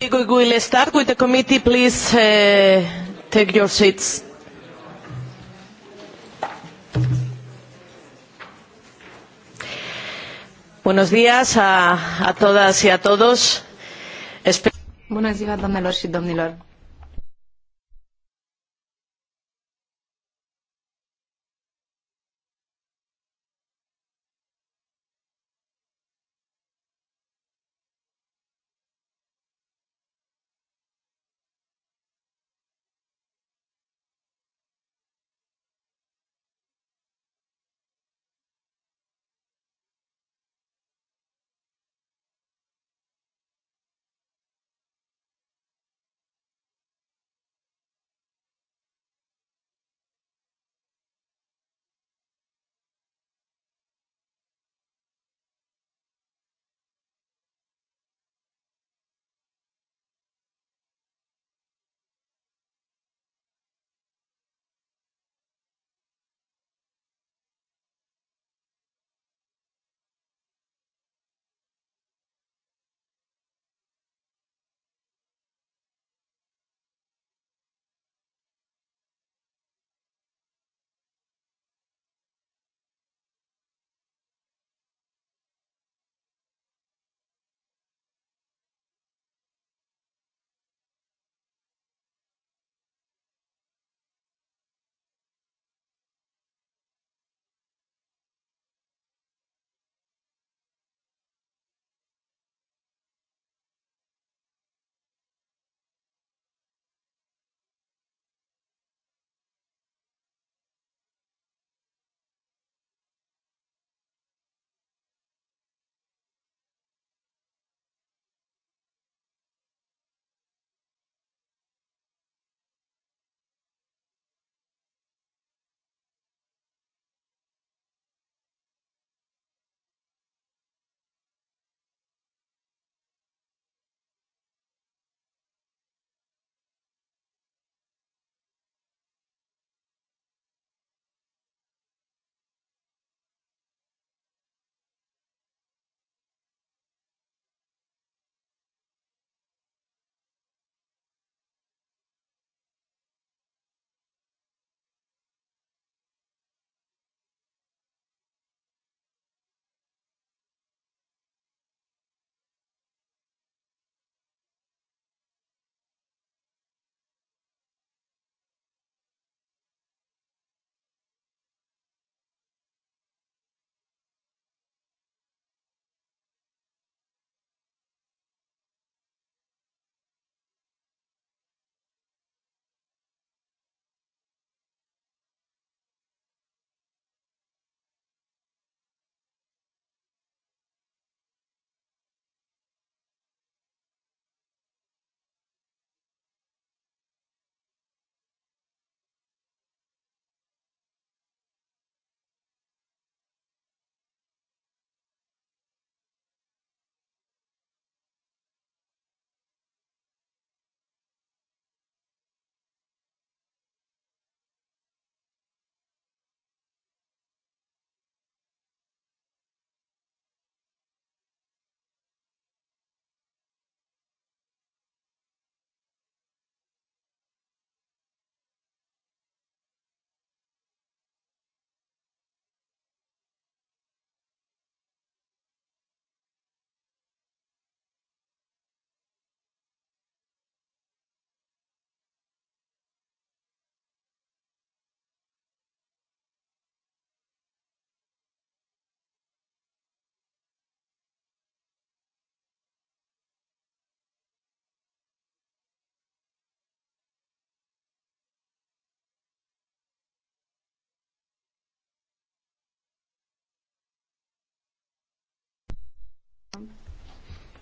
We will start with the committee. Please uh, take your seats. Buenos días a, a todas y a todos. Bună ziua, doamnelor și domnilor.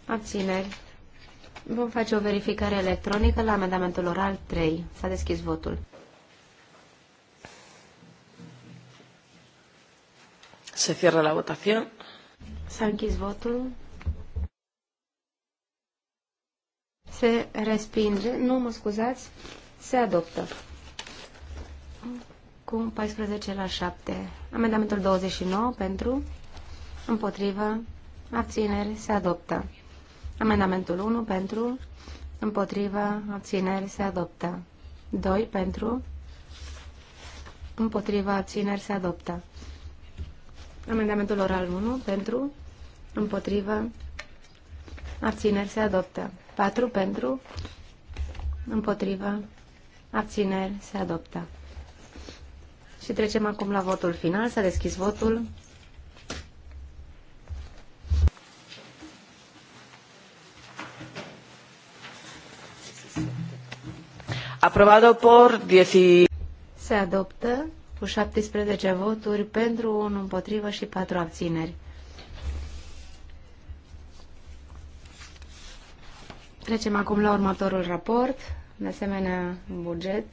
Abțineri. Vom face o verificare electronică la amendamentul oral 3. S-a deschis votul. Se cierra la votație. S-a închis votul. Se respinge. Nu, mă scuzați. Se adoptă. Cu 14 la 7. Amendamentul 29 pentru. Împotrivă. Abțineri. Se adoptă. Amendamentul 1 pentru, împotriva, abțineri se adoptă. 2 pentru, împotriva, abțineri se adoptă. Amendamentul oral 1 pentru, împotriva, abțineri se adoptă. 4 pentru, împotriva, abțineri se adoptă. Și trecem acum la votul final. S-a deschis votul. aprobado por 10. Se adoptă cu 17 voturi pentru, 1 împotrivă și 4 abțineri. Trecem acum la următorul raport, de asemenea buget,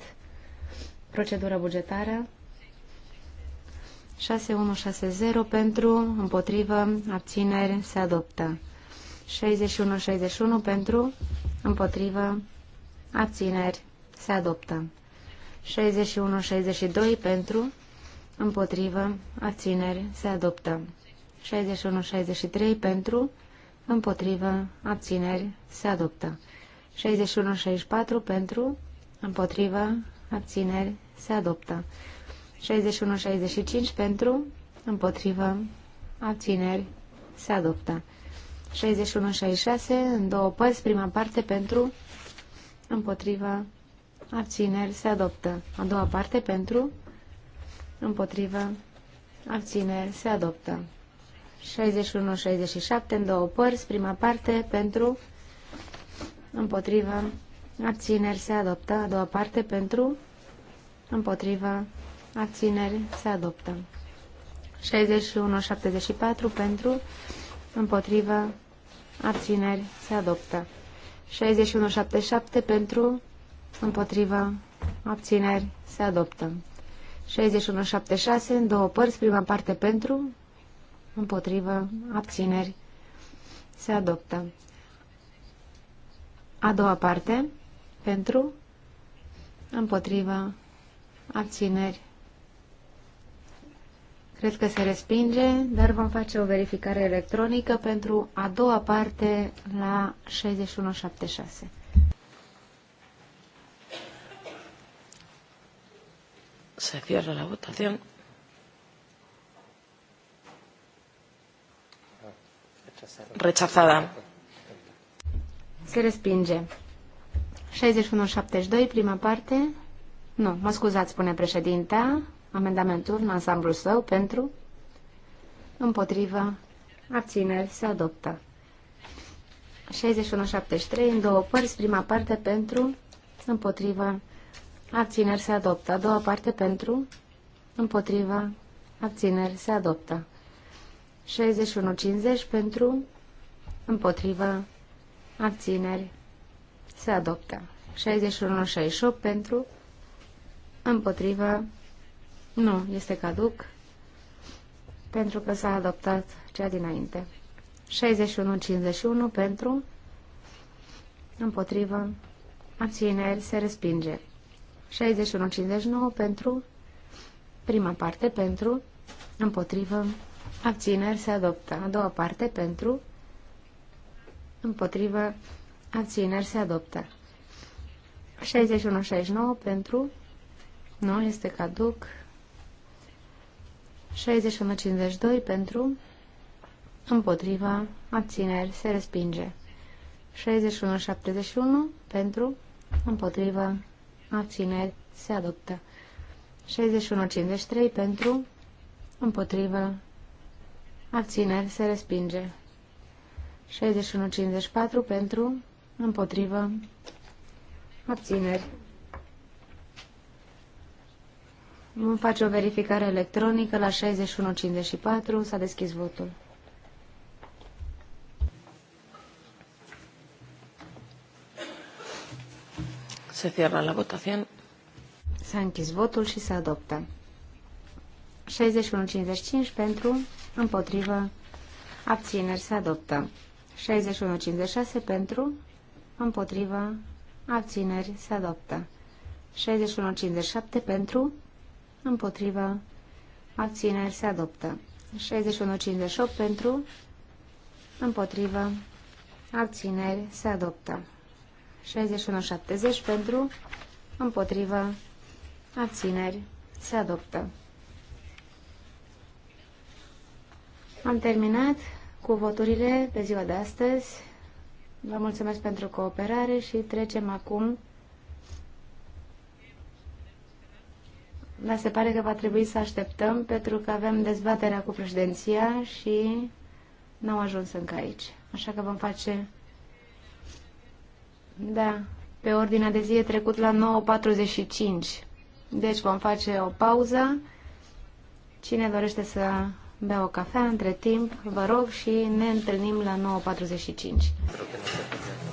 procedură bugetară. 6160 pentru, împotrivă, abțineri, se adoptă. 6161 pentru, împotrivă, abțineri, se adoptă. 61-62 pentru, împotrivă, abțineri, se adoptă. 61-63 pentru, împotrivă, abțineri, se adoptă. 61-64 pentru, împotrivă, abțineri, se adoptă. 61-65 pentru, împotrivă, abțineri, se adoptă. 61-66 în două părți, prima parte pentru, împotrivă, abțineri, se adoptă. A doua parte pentru, împotrivă, abțineri, se adoptă. 61-67 în două părți, prima parte pentru, împotrivă, abțineri, se adoptă. A doua parte pentru, împotrivă, abțineri, se adoptă. 61-74 pentru, împotrivă, abțineri, se adoptă. 61-77 pentru, Împotriva. abțineri, se adoptă. 6176 în două părți, prima parte pentru, împotrivă, abțineri, se adoptă. A doua parte, pentru, împotrivă, abțineri. Cred că se respinge, dar vom face o verificare electronică pentru a doua parte la 6176. Se cierra la votación. Rechazada. Se respinge. 61-72, prima parte. Nu, mă scuzați, spune președinta. Amendamentul în ansamblu său pentru. Împotrivă. Abțineri. Se adoptă. 61-73, în două părți, prima parte pentru. Împotrivă abțineri se adoptă. A doua parte pentru, împotriva, abțineri se adoptă. 61.50 pentru, împotriva, abțineri se adoptă. 61.68 pentru, împotriva, nu, este caduc, pentru că s-a adoptat cea dinainte. 61.51 pentru, împotriva. abțineri, se respinge. 61-59 pentru prima parte, pentru, împotrivă, abțineri se adoptă. A doua parte, pentru, împotrivă, abțineri se adoptă. 61-69 pentru, nu, este caduc. 61-52 pentru, împotriva, abțineri, se respinge. 61-71 pentru, împotriva, abțineri, se adoptă. 61.53 pentru, împotrivă, abțineri, se respinge. 61.54 pentru, împotrivă, abțineri. Vom face o verificare electronică la 61.54, s-a deschis votul. Se cierra la votación. S-a închis votul și se adoptă. 61.55 pentru, împotrivă, abțineri se adoptă. 61.56 pentru, împotrivă, abțineri se adoptă. 61.57 pentru, împotrivă, abțineri se adoptă. 61.58 pentru, împotrivă, abțineri se adoptă. 61-70 pentru, împotrivă, abțineri, se adoptă. Am terminat cu voturile pe ziua de astăzi. Vă mulțumesc pentru cooperare și trecem acum. Dar se pare că va trebui să așteptăm pentru că avem dezbaterea cu președinția și n-au ajuns încă aici. Așa că vom face da, pe ordinea de zi e trecut la 9.45. Deci vom face o pauză. Cine dorește să bea o cafea între timp, vă rog și ne întâlnim la 9.45.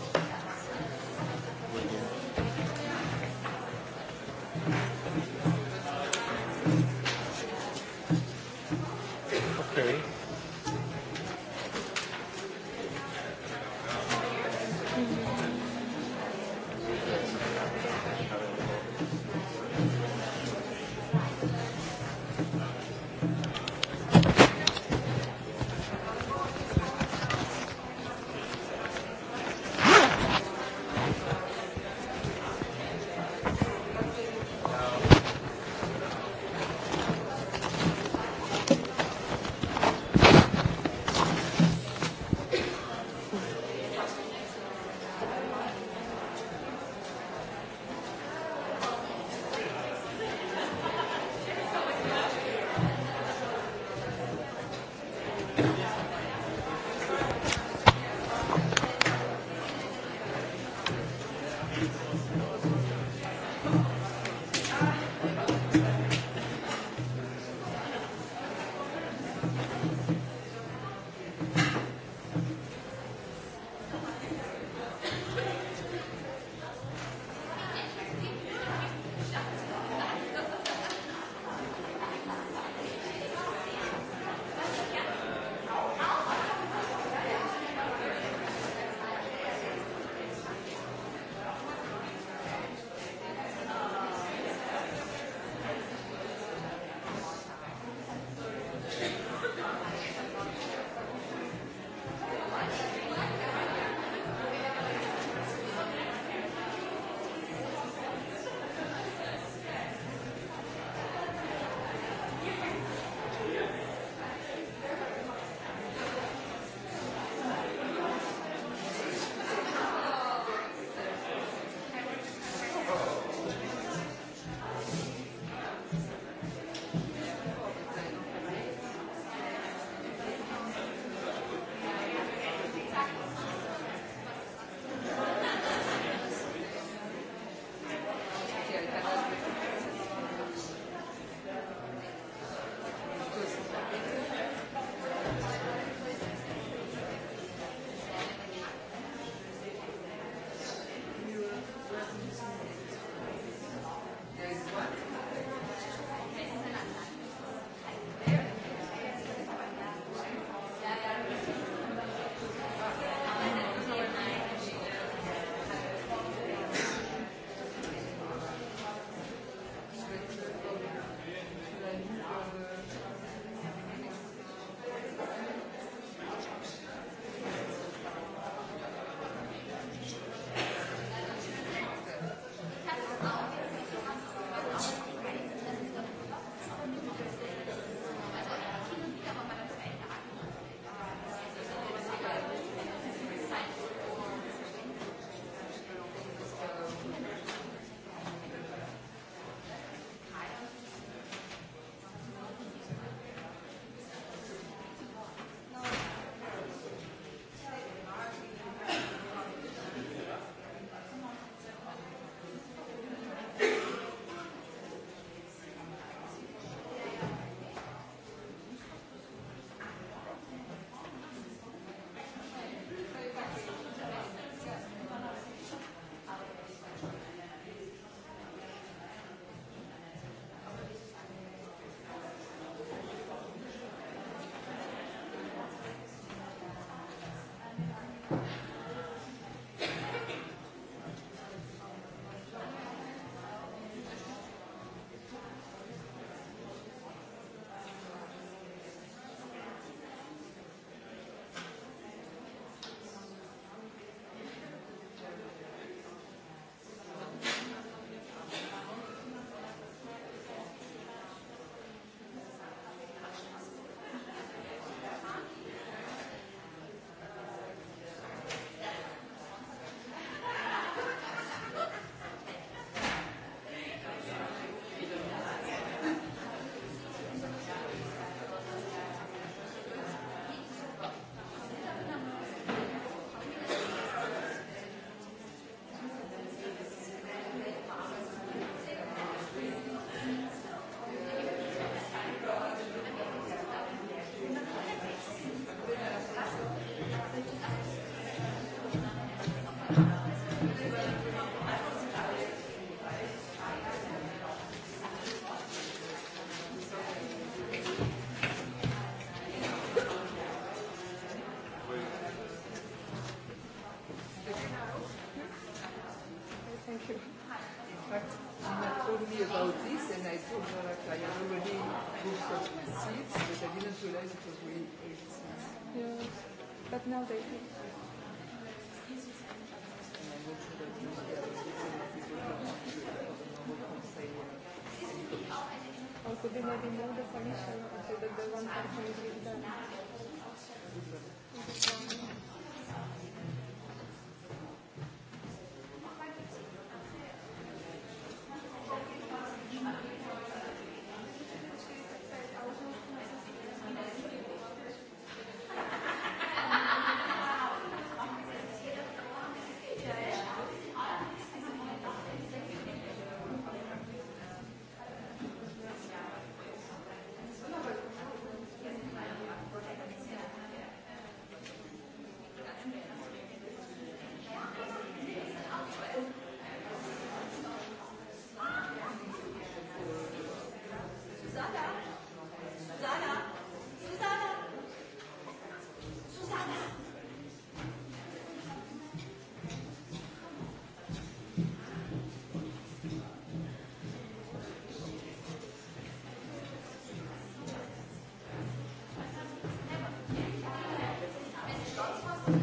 but now they do. Also, they may remove the commission after the one person is with them.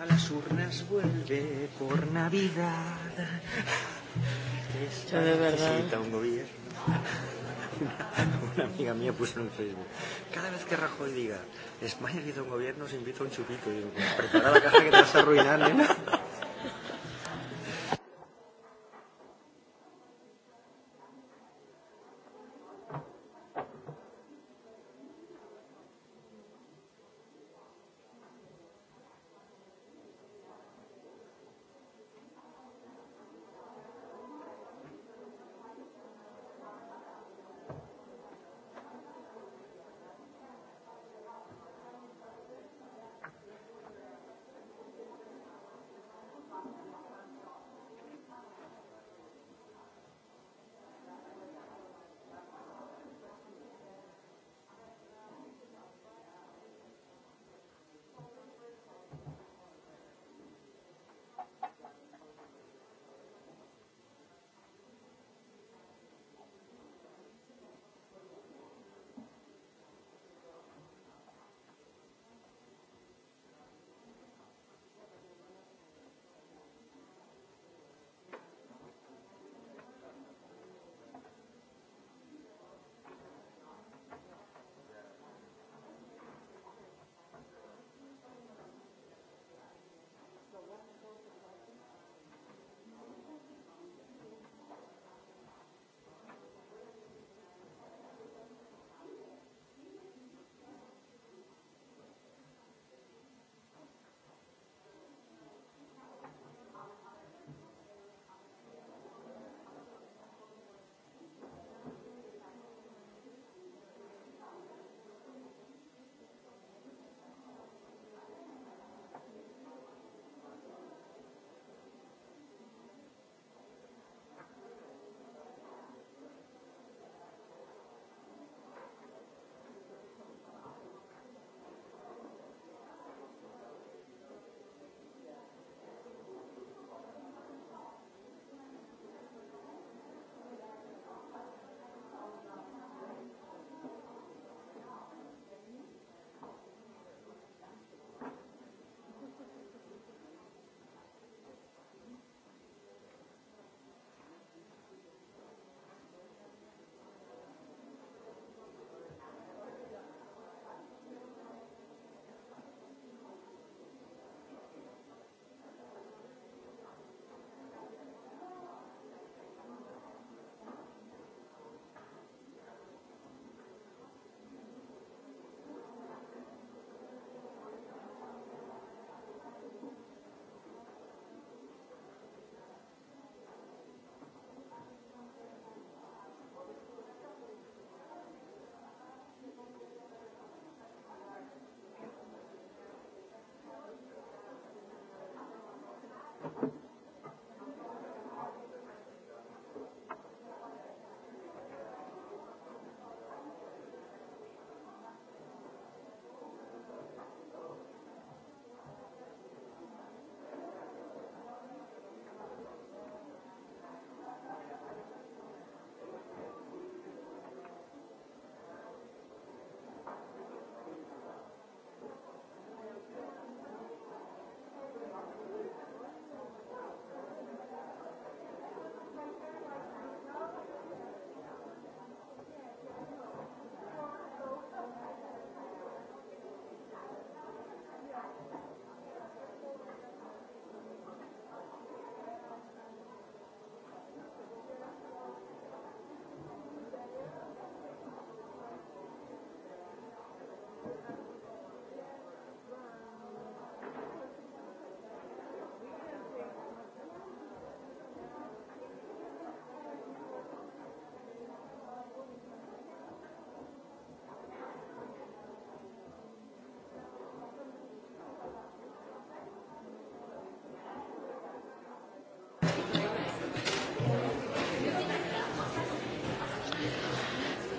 a las urnas vuelve por Navidad. Esta de verdad. necesita un gobierno. Una, una amiga mía puso en Facebook, cada vez que Rajoy diga, España necesita un gobierno, se invita a un chupito. Y digo, prepara la caja que te vas a arruinar, ¿eh?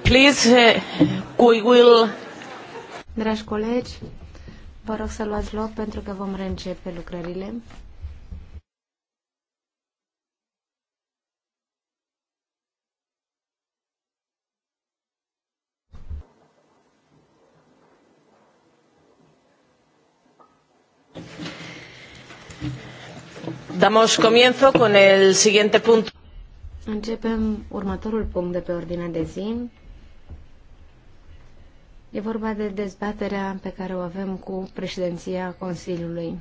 please, uh, we will... Dragi colegi, vă rog să luați loc pentru că vom reîncepe lucrările. Damos comienzo con el siguiente punto. Începem următorul punct de pe ordinea de zi, E vorba de dezbaterea pe care o avem cu președinția Consiliului.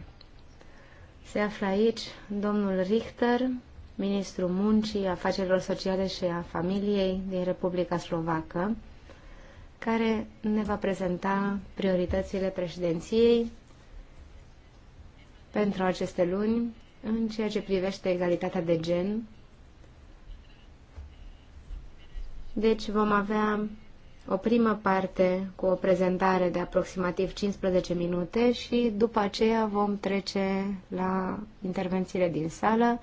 Se află aici domnul Richter, ministrul muncii, afacerilor sociale și a familiei din Republica Slovacă, care ne va prezenta prioritățile președinției pentru aceste luni în ceea ce privește egalitatea de gen. Deci vom avea o primă parte cu o prezentare de aproximativ 15 minute și după aceea vom trece la intervențiile din sală,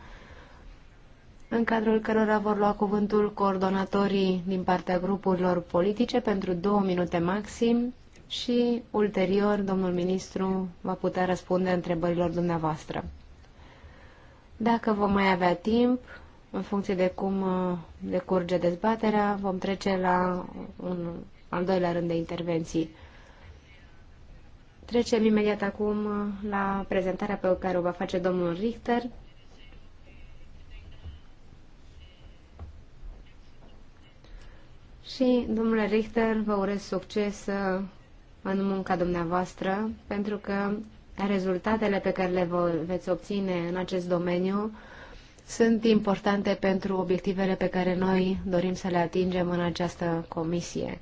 în cadrul cărora vor lua cuvântul coordonatorii din partea grupurilor politice pentru două minute maxim și ulterior domnul ministru va putea răspunde întrebărilor dumneavoastră. Dacă vom mai avea timp, în funcție de cum uh, decurge dezbaterea, vom trece la un al doilea rând de intervenții. Trecem imediat acum uh, la prezentarea pe care o va face domnul Richter. Și, domnule Richter, vă urez succes uh, în munca dumneavoastră, pentru că rezultatele pe care le veți obține în acest domeniu sunt importante pentru obiectivele pe care noi dorim să le atingem în această comisie.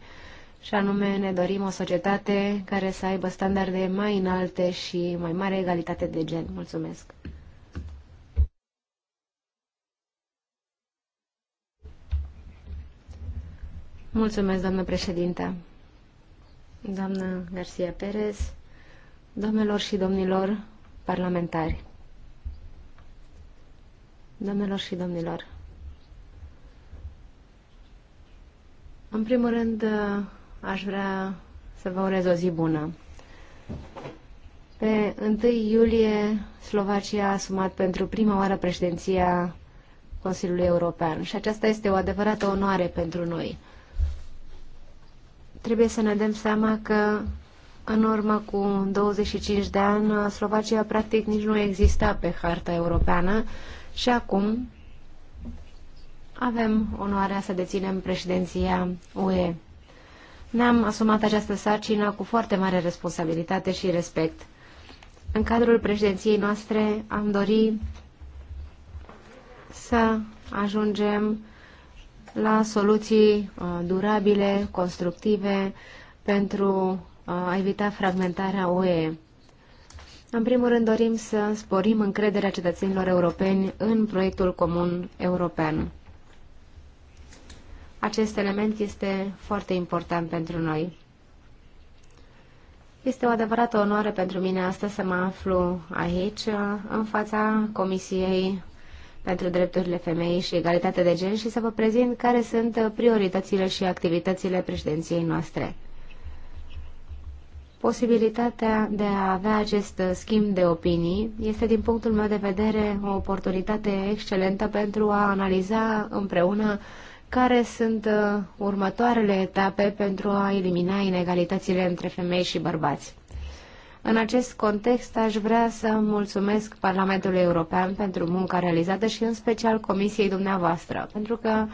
Și anume, ne dorim o societate care să aibă standarde mai înalte și mai mare egalitate de gen. Mulțumesc! Mulțumesc, doamnă președinte. Doamnă Garcia Perez, domnilor și domnilor parlamentari. Doamnelor și domnilor, în primul rând aș vrea să vă urez o zi bună. Pe 1 iulie, Slovacia a asumat pentru prima oară președinția Consiliului European și aceasta este o adevărată onoare pentru noi. Trebuie să ne dăm seama că în urmă cu 25 de ani, Slovacia practic nici nu exista pe harta europeană și acum avem onoarea să deținem președinția UE. Ne-am asumat această sarcină cu foarte mare responsabilitate și respect. În cadrul președinției noastre am dorit să ajungem la soluții uh, durabile, constructive, pentru uh, a evita fragmentarea UE. În primul rând dorim să sporim încrederea cetățenilor europeni în proiectul comun european. Acest element este foarte important pentru noi. Este o adevărată onoare pentru mine astăzi să mă aflu aici, în fața Comisiei pentru Drepturile Femeii și Egalitatea de Gen și să vă prezint care sunt prioritățile și activitățile președinției noastre. Posibilitatea de a avea acest uh, schimb de opinii este, din punctul meu de vedere, o oportunitate excelentă pentru a analiza împreună care sunt uh, următoarele etape pentru a elimina inegalitățile între femei și bărbați. În acest context, aș vrea să mulțumesc Parlamentului European pentru munca realizată și în special Comisiei dumneavoastră, pentru că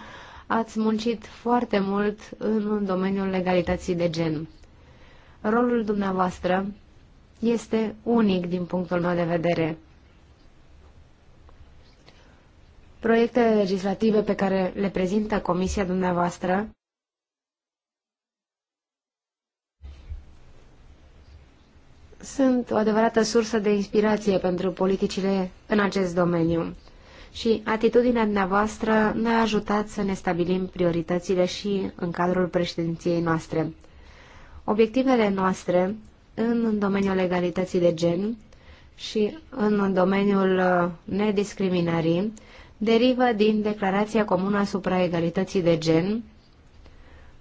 ați muncit foarte mult în domeniul legalității de gen rolul dumneavoastră este unic din punctul meu de vedere. Proiectele legislative pe care le prezintă Comisia dumneavoastră sunt o adevărată sursă de inspirație pentru politicile în acest domeniu. Și atitudinea dumneavoastră ne-a ajutat să ne stabilim prioritățile și în cadrul președinției noastre. Obiectivele noastre în domeniul legalității de gen și în domeniul uh, nediscriminării derivă din Declarația Comună asupra Egalității de Gen,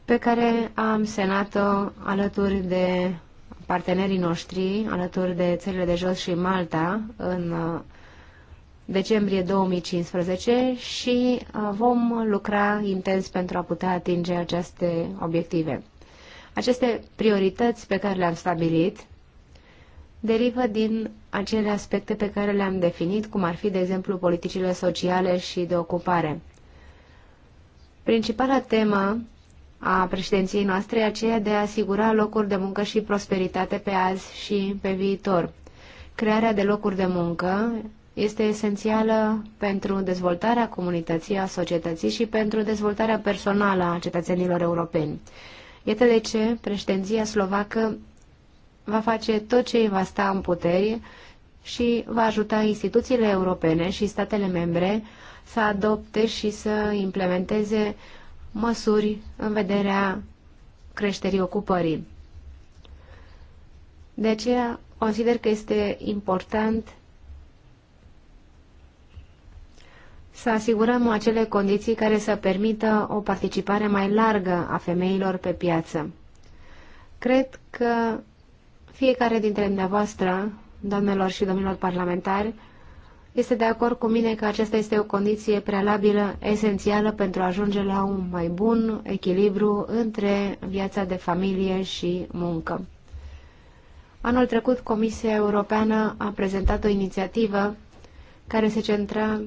pe care am senat-o alături de partenerii noștri, alături de țările de jos și Malta, în uh, decembrie 2015 și uh, vom lucra intens pentru a putea atinge aceste obiective. Aceste priorități pe care le-am stabilit derivă din acele aspecte pe care le-am definit, cum ar fi, de exemplu, politicile sociale și de ocupare. Principala temă a președinției noastre e aceea de a asigura locuri de muncă și prosperitate pe azi și pe viitor. Crearea de locuri de muncă este esențială pentru dezvoltarea comunității, a societății și pentru dezvoltarea personală a cetățenilor europeni. Iată de ce președinția slovacă va face tot ce îi va sta în puteri și va ajuta instituțiile europene și statele membre să adopte și să implementeze măsuri în vederea creșterii ocupării. De aceea consider că este important să asigurăm acele condiții care să permită o participare mai largă a femeilor pe piață. Cred că fiecare dintre dumneavoastră, doamnelor și domnilor parlamentari, este de acord cu mine că aceasta este o condiție prealabilă esențială pentru a ajunge la un mai bun echilibru între viața de familie și muncă. Anul trecut, Comisia Europeană a prezentat o inițiativă care se centra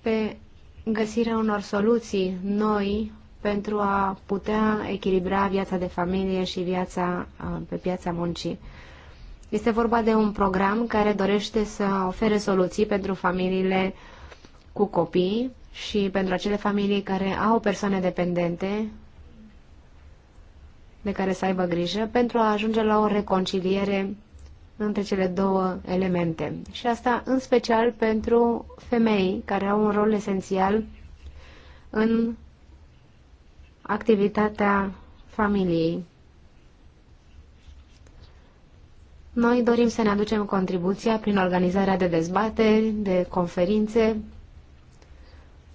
pe găsirea unor soluții noi pentru a putea echilibra viața de familie și viața pe piața muncii. Este vorba de un program care dorește să ofere soluții pentru familiile cu copii și pentru acele familii care au persoane dependente de care să aibă grijă pentru a ajunge la o reconciliere între cele două elemente. Și asta în special pentru femei care au un rol esențial în activitatea familiei. Noi dorim să ne aducem contribuția prin organizarea de dezbateri, de conferințe.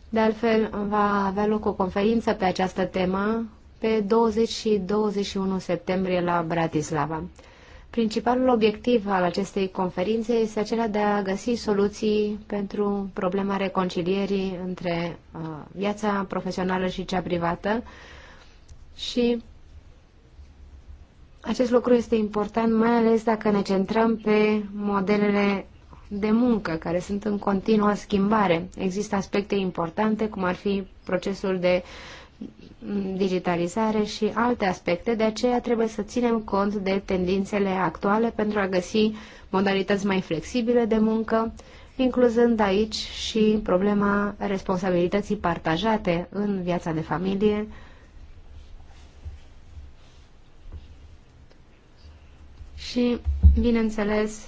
De altfel, va avea loc o conferință pe această temă pe 20 și 21 septembrie la Bratislava. Principalul obiectiv al acestei conferințe este acela de a găsi soluții pentru problema reconcilierii între uh, viața profesională și cea privată și acest lucru este important, mai ales dacă ne centrăm pe modelele de muncă care sunt în continuă schimbare. Există aspecte importante, cum ar fi procesul de digitalizare și alte aspecte, de aceea trebuie să ținem cont de tendințele actuale pentru a găsi modalități mai flexibile de muncă, incluzând aici și problema responsabilității partajate în viața de familie, și, bineînțeles,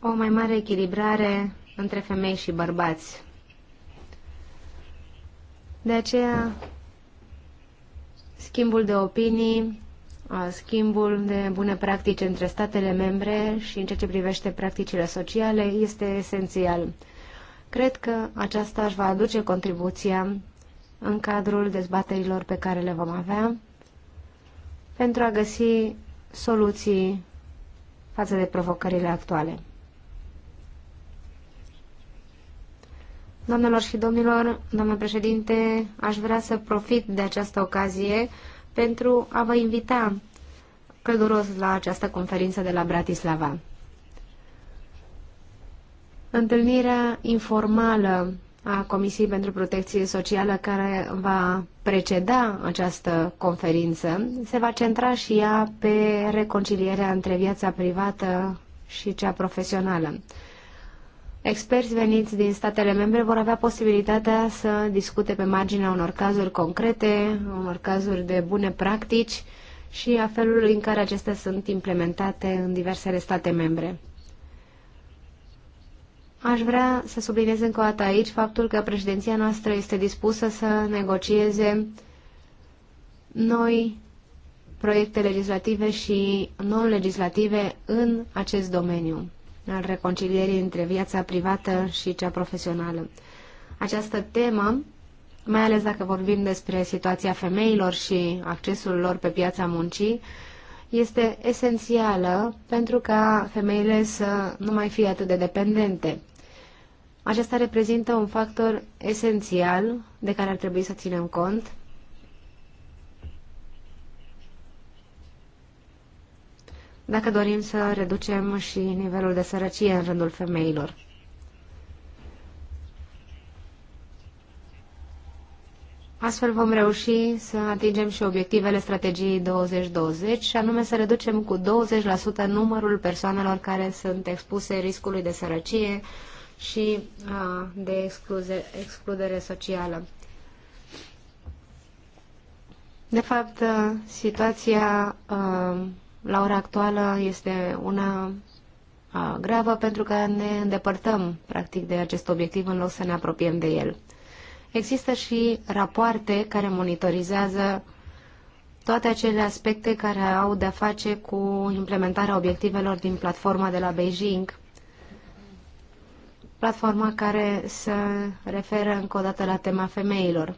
o mai mare echilibrare între femei și bărbați de aceea, schimbul de opinii, schimbul de bune practici între statele membre și în ceea ce privește practicile sociale este esențial. Cred că aceasta își va aduce contribuția în cadrul dezbaterilor pe care le vom avea pentru a găsi soluții față de provocările actuale. Doamnelor și domnilor, domnul președinte, aș vrea să profit de această ocazie pentru a vă invita călduros la această conferință de la Bratislava. Întâlnirea informală a Comisiei pentru Protecție Socială care va preceda această conferință se va centra și ea pe reconcilierea între viața privată și cea profesională. Experți veniți din statele membre vor avea posibilitatea să discute pe marginea unor cazuri concrete, unor cazuri de bune practici și a felului în care acestea sunt implementate în diversele state membre. Aș vrea să subliniez încă o dată aici faptul că președinția noastră este dispusă să negocieze noi proiecte legislative și non-legislative în acest domeniu al reconcilierii între viața privată și cea profesională. Această temă, mai ales dacă vorbim despre situația femeilor și accesul lor pe piața muncii, este esențială pentru ca femeile să nu mai fie atât de dependente. Aceasta reprezintă un factor esențial de care ar trebui să ținem cont dacă dorim să reducem și nivelul de sărăcie în rândul femeilor. Astfel vom reuși să atingem și obiectivele strategiei 2020 și anume să reducem cu 20% numărul persoanelor care sunt expuse riscului de sărăcie și de excludere socială. De fapt, situația la ora actuală este una gravă pentru că ne îndepărtăm practic de acest obiectiv în loc să ne apropiem de el. Există și rapoarte care monitorizează toate acele aspecte care au de-a face cu implementarea obiectivelor din platforma de la Beijing, platforma care se referă încă o dată la tema femeilor.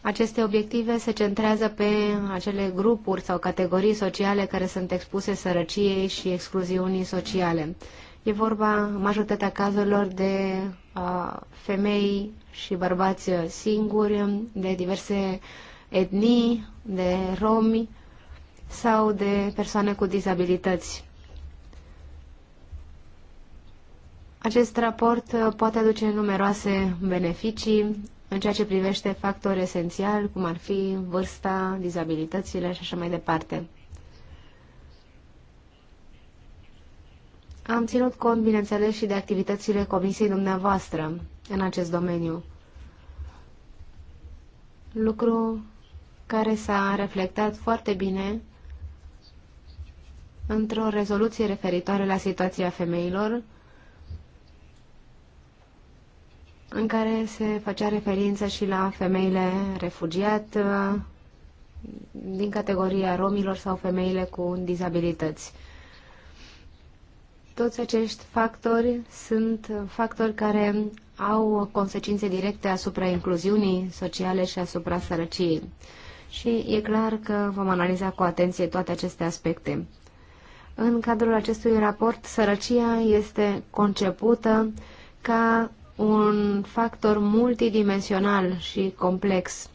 Aceste obiective se centrează pe acele grupuri sau categorii sociale care sunt expuse sărăciei și excluziunii sociale. E vorba, în majoritatea cazurilor, de a, femei și bărbați singuri, de diverse etnii, de romi sau de persoane cu dizabilități. Acest raport poate aduce numeroase beneficii în ceea ce privește factori esențiali, cum ar fi vârsta, dizabilitățile și așa mai departe. Am ținut cont, bineînțeles, și de activitățile comisiei dumneavoastră în acest domeniu. Lucru care s-a reflectat foarte bine într-o rezoluție referitoare la situația femeilor, în care se făcea referință și la femeile refugiate din categoria romilor sau femeile cu dizabilități. Toți acești factori sunt factori care au consecințe directe asupra incluziunii sociale și asupra sărăciei. Și e clar că vom analiza cu atenție toate aceste aspecte. În cadrul acestui raport, sărăcia este concepută ca un factor multidimensional și complex.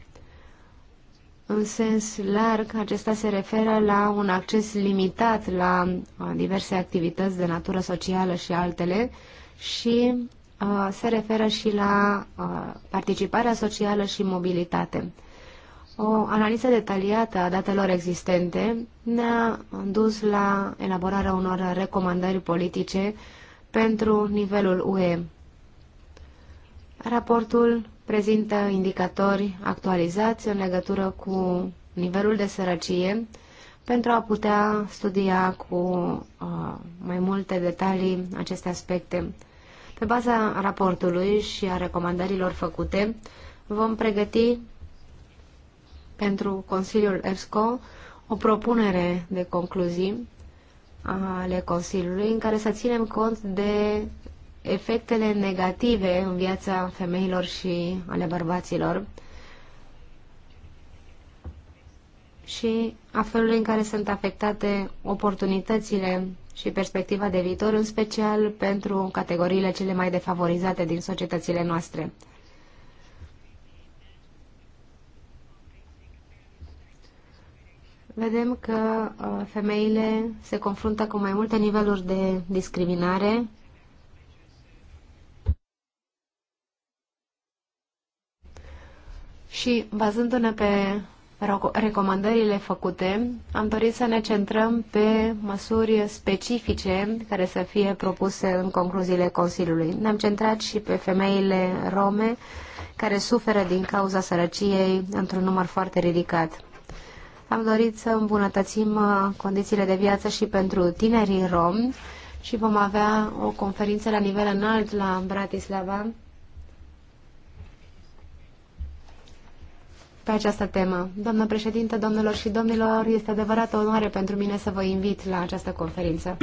În sens larg, acesta se referă la un acces limitat la uh, diverse activități de natură socială și altele și uh, se referă și la uh, participarea socială și mobilitate. O analiză detaliată a datelor existente ne-a dus la elaborarea unor recomandări politice pentru nivelul UE Raportul prezintă indicatori actualizați în legătură cu nivelul de sărăcie pentru a putea studia cu uh, mai multe detalii aceste aspecte. Pe baza raportului și a recomandărilor făcute, vom pregăti pentru Consiliul ESCO o propunere de concluzii ale Consiliului în care să ținem cont de efectele negative în viața femeilor și ale bărbaților și a felului în care sunt afectate oportunitățile și perspectiva de viitor, în special pentru categoriile cele mai defavorizate din societățile noastre. Vedem că uh, femeile se confruntă cu mai multe niveluri de discriminare Și bazându-ne pe recomandările făcute, am dorit să ne centrăm pe măsuri specifice care să fie propuse în concluziile Consiliului. Ne-am centrat și pe femeile rome care suferă din cauza sărăciei într-un număr foarte ridicat. Am dorit să îmbunătățim uh, condițiile de viață și pentru tinerii romi și vom avea o conferință la nivel înalt la Bratislava pe această temă. Doamnă președinte, domnilor și domnilor, este adevărat o onoare pentru mine să vă invit la această conferință.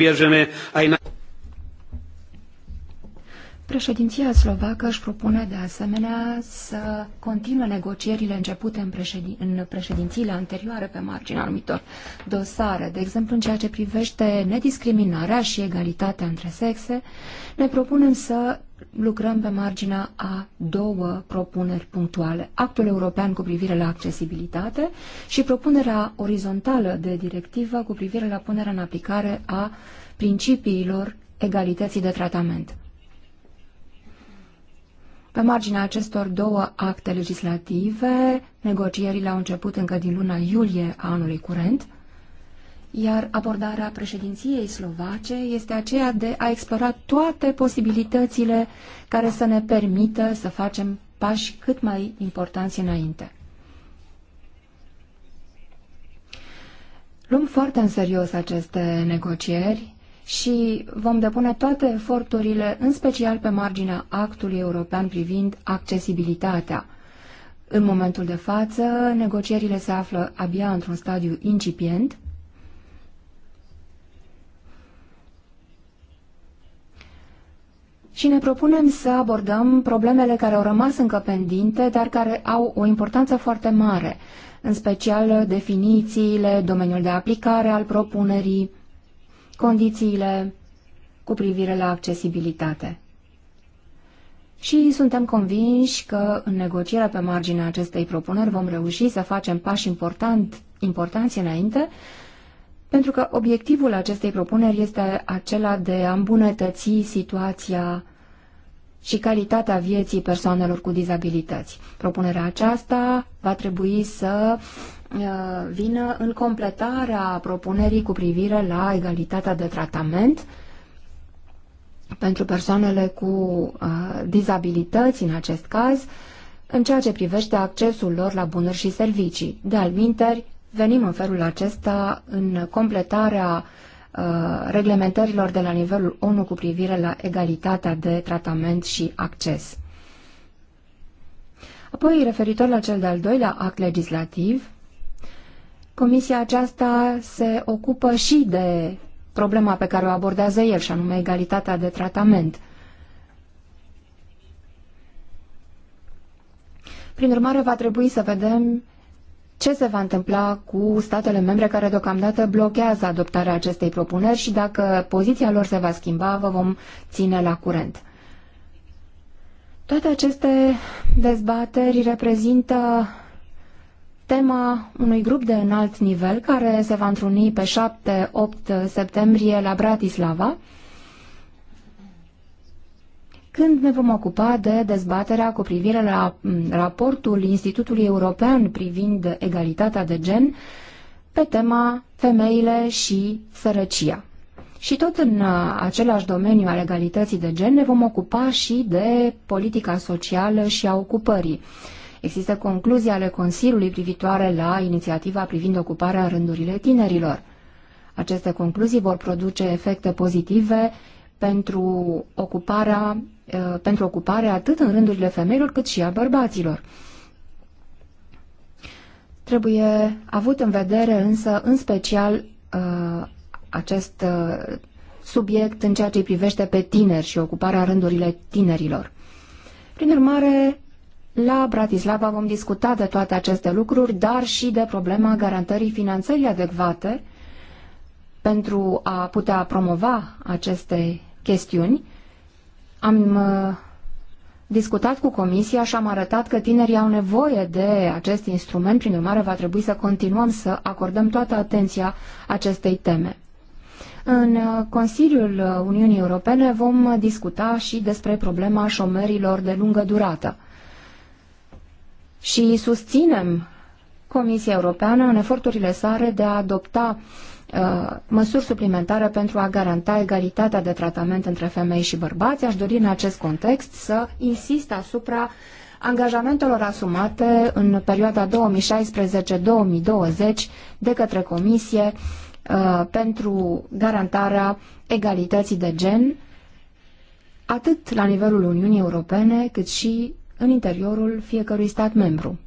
Președinția slovacă își propune de asemenea să continue negocierile începute în, președin, în președințiile anterioare pe marginea anumitor dosare. De exemplu, în ceea ce privește nediscriminarea și egalitatea între sexe, ne propunem să lucrăm pe marginea a două propuneri punctuale. Actul european cu privire la accesibilitate și propunerea orizontală de directivă cu privire la punerea în aplicare a principiilor egalității de tratament. Pe marginea acestor două acte legislative, negocierile au început încă din luna iulie a anului curent, iar abordarea președinției slovace este aceea de a explora toate posibilitățile care să ne permită să facem pași cât mai importanți înainte. Luăm foarte în serios aceste negocieri și vom depune toate eforturile, în special pe marginea actului european privind accesibilitatea. În momentul de față, negocierile se află abia într-un stadiu incipient. Și ne propunem să abordăm problemele care au rămas încă pendinte, dar care au o importanță foarte mare, în special definițiile, domeniul de aplicare al propunerii, condițiile cu privire la accesibilitate. Și suntem convinși că în negocierea pe marginea acestei propuneri vom reuși să facem pași important, importanți înainte, pentru că obiectivul acestei propuneri este acela de a îmbunătăți situația și calitatea vieții persoanelor cu dizabilități. Propunerea aceasta va trebui să Uh, vină în completarea propunerii cu privire la egalitatea de tratament pentru persoanele cu uh, dizabilități în acest caz, în ceea ce privește accesul lor la bunuri și servicii. De alminteri, venim în felul acesta în completarea uh, reglementărilor de la nivelul ONU cu privire la egalitatea de tratament și acces. Apoi, referitor la cel de-al doilea act legislativ, Comisia aceasta se ocupă și de problema pe care o abordează el, și anume egalitatea de tratament. Prin urmare, va trebui să vedem ce se va întâmpla cu statele membre care deocamdată blochează adoptarea acestei propuneri și dacă poziția lor se va schimba, vă vom ține la curent. Toate aceste dezbateri reprezintă tema unui grup de înalt nivel care se va întruni pe 7-8 septembrie la Bratislava, când ne vom ocupa de dezbaterea cu privire la mm, raportul Institutului European privind egalitatea de gen pe tema femeile și sărăcia. Și tot în uh, același domeniu al egalității de gen ne vom ocupa și de politica socială și a ocupării. Există concluzii ale Consiliului privitoare la inițiativa privind ocuparea rândurile tinerilor. Aceste concluzii vor produce efecte pozitive pentru ocuparea, eh, pentru ocuparea atât în rândurile femeilor cât și a bărbaților. Trebuie avut în vedere însă în special eh, acest eh, subiect în ceea ce privește pe tineri și ocuparea rândurile tinerilor. Prin urmare, la Bratislava vom discuta de toate aceste lucruri, dar și de problema garantării finanțării adecvate pentru a putea promova aceste chestiuni. Am uh, discutat cu Comisia și am arătat că tinerii au nevoie de acest instrument, prin urmare va trebui să continuăm să acordăm toată atenția acestei teme. În uh, Consiliul Uniunii Europene vom discuta și despre problema șomerilor de lungă durată și susținem Comisia Europeană în eforturile sale de a adopta uh, măsuri suplimentare pentru a garanta egalitatea de tratament între femei și bărbați. Aș dori în acest context să insist asupra angajamentelor asumate în perioada 2016-2020 de către Comisie uh, pentru garantarea egalității de gen atât la nivelul Uniunii Europene cât și în interiorul fiecărui stat membru.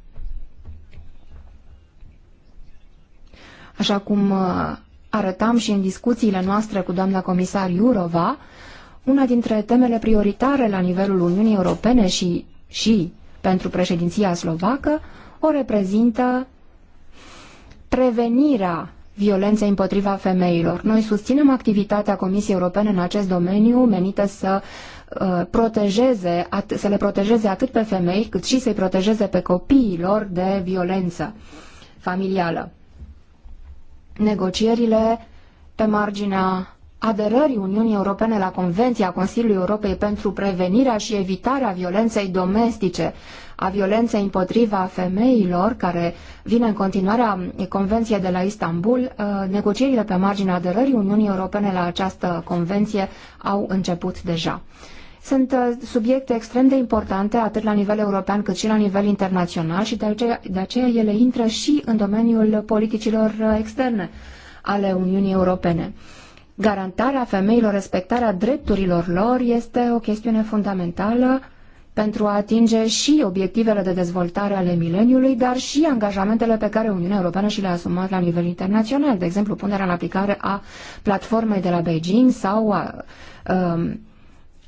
Așa cum uh, arătam și în discuțiile noastre cu doamna comisar Iurova, una dintre temele prioritare la nivelul Uniunii Europene și, și pentru președinția slovacă o reprezintă prevenirea violenței împotriva femeilor. Noi susținem activitatea Comisiei Europene în acest domeniu menită să uh, Uh, protejeze, să le protejeze atât pe femei, cât și să-i protejeze pe lor de violență familială. Negocierile pe marginea aderării Uniunii Europene la Convenția Consiliului Europei pentru prevenirea și evitarea violenței domestice, a violenței împotriva femeilor, care vine în continuarea Convenției de la Istanbul, uh, negocierile pe marginea aderării Uniunii Europene la această convenție au început deja sunt uh, subiecte extrem de importante atât la nivel european cât și la nivel internațional și de aceea, de aceea ele intră și în domeniul politicilor uh, externe ale Uniunii Europene. Garantarea femeilor, respectarea drepturilor lor este o chestiune fundamentală pentru a atinge și obiectivele de dezvoltare ale mileniului, dar și angajamentele pe care Uniunea Europeană și le-a asumat la nivel internațional, de exemplu punerea în aplicare a platformei de la Beijing sau a um,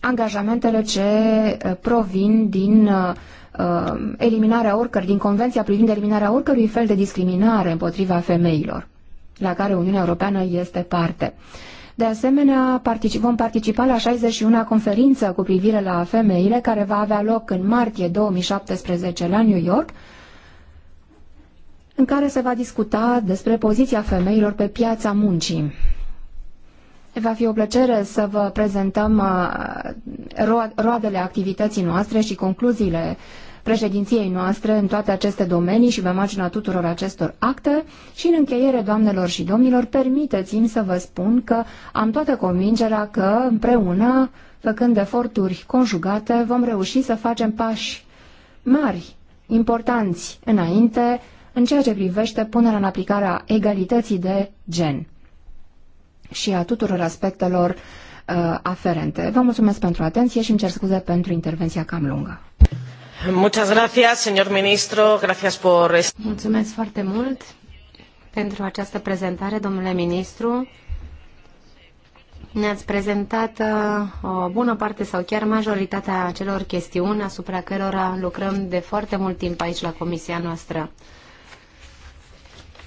angajamentele ce uh, provin din uh, uh, eliminarea oricărui, din Convenția privind eliminarea oricărui fel de discriminare împotriva femeilor, la care Uniunea Europeană este parte. De asemenea, vom participa la 61-a conferință cu privire la femeile, care va avea loc în martie 2017 la New York, în care se va discuta despre poziția femeilor pe piața muncii. Va fi o plăcere să vă prezentăm uh, roadele activității noastre și concluziile președinției noastre în toate aceste domenii și pe marginea tuturor acestor acte și în încheiere, doamnelor și domnilor, permiteți-mi să vă spun că am toată convingerea că împreună, făcând eforturi conjugate, vom reuși să facem pași mari, importanți înainte în ceea ce privește punerea în aplicare a egalității de gen și a tuturor aspectelor uh, aferente. Vă mulțumesc pentru atenție și îmi cer scuze pentru intervenția cam lungă. Muchas gracias, señor ministro. Gracias por... Mulțumesc foarte mult pentru această prezentare, domnule ministru. Ne-ați prezentat uh, o bună parte sau chiar majoritatea acelor chestiuni asupra cărora lucrăm de foarte mult timp aici la comisia noastră.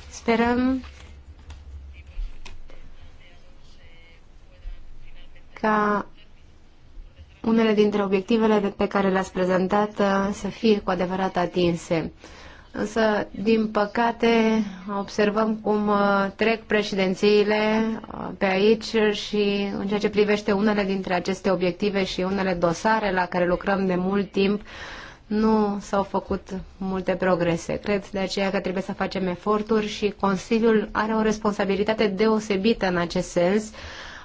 Sperăm ca unele dintre obiectivele pe care le-ați prezentat uh, să fie cu adevărat atinse. Însă, din păcate, observăm cum uh, trec președințiile uh, pe aici și în ceea ce privește unele dintre aceste obiective și unele dosare la care lucrăm de mult timp, nu s-au făcut multe progrese. Cred de aceea că trebuie să facem eforturi și Consiliul are o responsabilitate deosebită în acest sens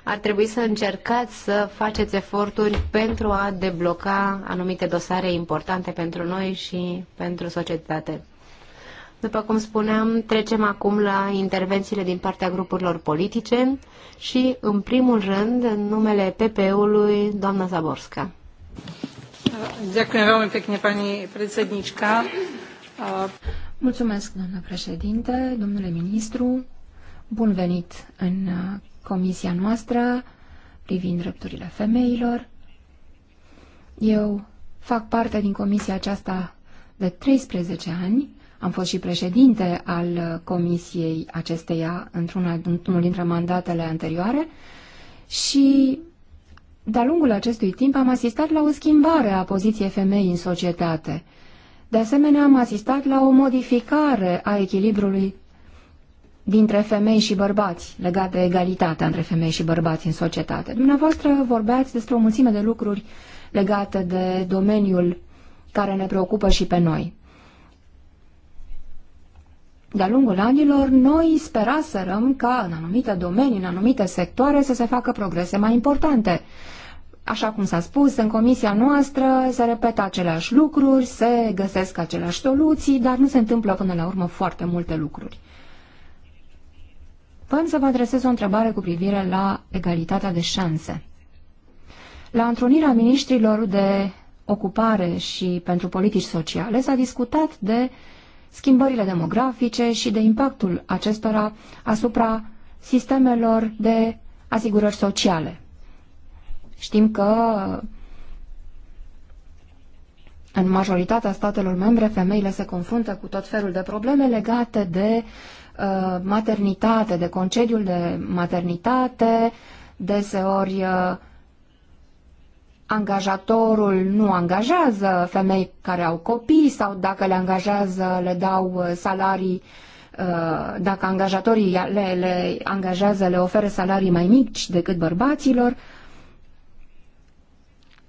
ar trebui să încercați să faceți eforturi pentru a debloca anumite dosare importante pentru noi și pentru societate. După cum spuneam, trecem acum la intervențiile din partea grupurilor politice și, în primul rând, în numele PPE-ului, doamna Zaborska. Mulțumesc, doamna președinte, domnule ministru. Bun venit în comisia noastră privind drepturile femeilor. Eu fac parte din comisia aceasta de 13 ani. Am fost și președinte al comisiei acesteia într-unul într dintre mandatele anterioare și de-a lungul acestui timp am asistat la o schimbare a poziției femei în societate. De asemenea, am asistat la o modificare a echilibrului dintre femei și bărbați, legat de egalitatea între femei și bărbați în societate. Dumneavoastră vorbeați despre o mulțime de lucruri legate de domeniul care ne preocupă și pe noi. De-a lungul anilor, noi speraserăm ca în anumite domenii, în anumite sectoare să se facă progrese mai importante. Așa cum s-a spus, în comisia noastră se repetă aceleași lucruri, se găsesc aceleași soluții, dar nu se întâmplă până la urmă foarte multe lucruri. Vreau să vă adresez o întrebare cu privire la egalitatea de șanse. La întrunirea ministrilor de ocupare și pentru politici sociale s-a discutat de schimbările demografice și de impactul acestora asupra sistemelor de asigurări sociale. Știm că în majoritatea statelor membre, femeile se confruntă cu tot felul de probleme legate de Uh, maternitate, de concediul de maternitate, deseori uh, angajatorul nu angajează femei care au copii sau dacă le angajează le dau uh, salarii, dacă angajatorii le, le angajează le oferă salarii mai mici decât bărbaților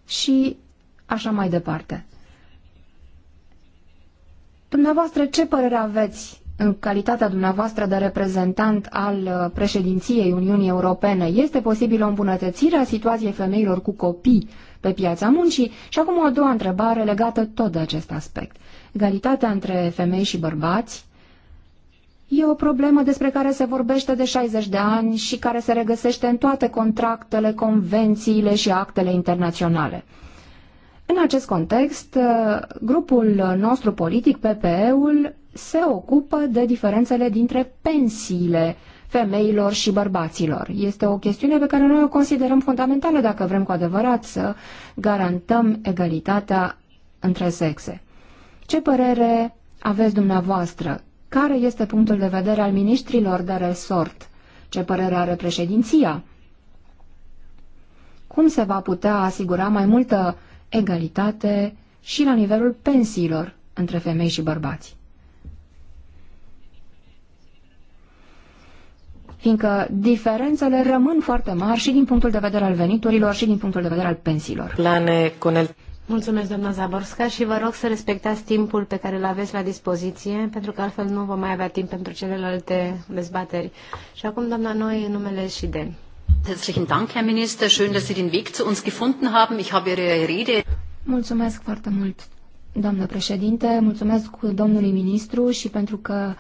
și așa mai departe. Dumneavoastră, ce părere aveți în calitatea dumneavoastră de reprezentant al uh, președinției Uniunii Europene, este posibilă o îmbunătățire a situației femeilor cu copii pe piața muncii? Și acum o a doua întrebare legată tot de acest aspect. Egalitatea între femei și bărbați e o problemă despre care se vorbește de 60 de ani și care se regăsește în toate contractele, convențiile și actele internaționale. În acest context, uh, grupul nostru politic, PPE-ul, se ocupă de diferențele dintre pensiile femeilor și bărbaților. Este o chestiune pe care noi o considerăm fundamentală dacă vrem cu adevărat să garantăm egalitatea între sexe. Ce părere aveți dumneavoastră? Care este punctul de vedere al ministrilor de resort? Ce părere are președinția? Cum se va putea asigura mai multă egalitate și la nivelul pensiilor între femei și bărbați? fiindcă diferențele rămân foarte mari și din punctul de vedere al veniturilor și din punctul de vedere al pensiilor. Plane Conel. Mulțumesc, doamna Zaborska, și vă rog să respectați timpul pe care îl aveți la dispoziție, pentru că altfel nu vom mai avea timp pentru celelalte dezbateri. Și acum, doamna Noi, numele și de. Herzlichen Dank, Herr Minister. Schön, dass Sie den Weg zu uns gefunden haben. Ich habe Ihre Rede. Mulțumesc foarte mult, doamnă președinte. Mulțumesc domnului ministru și pentru că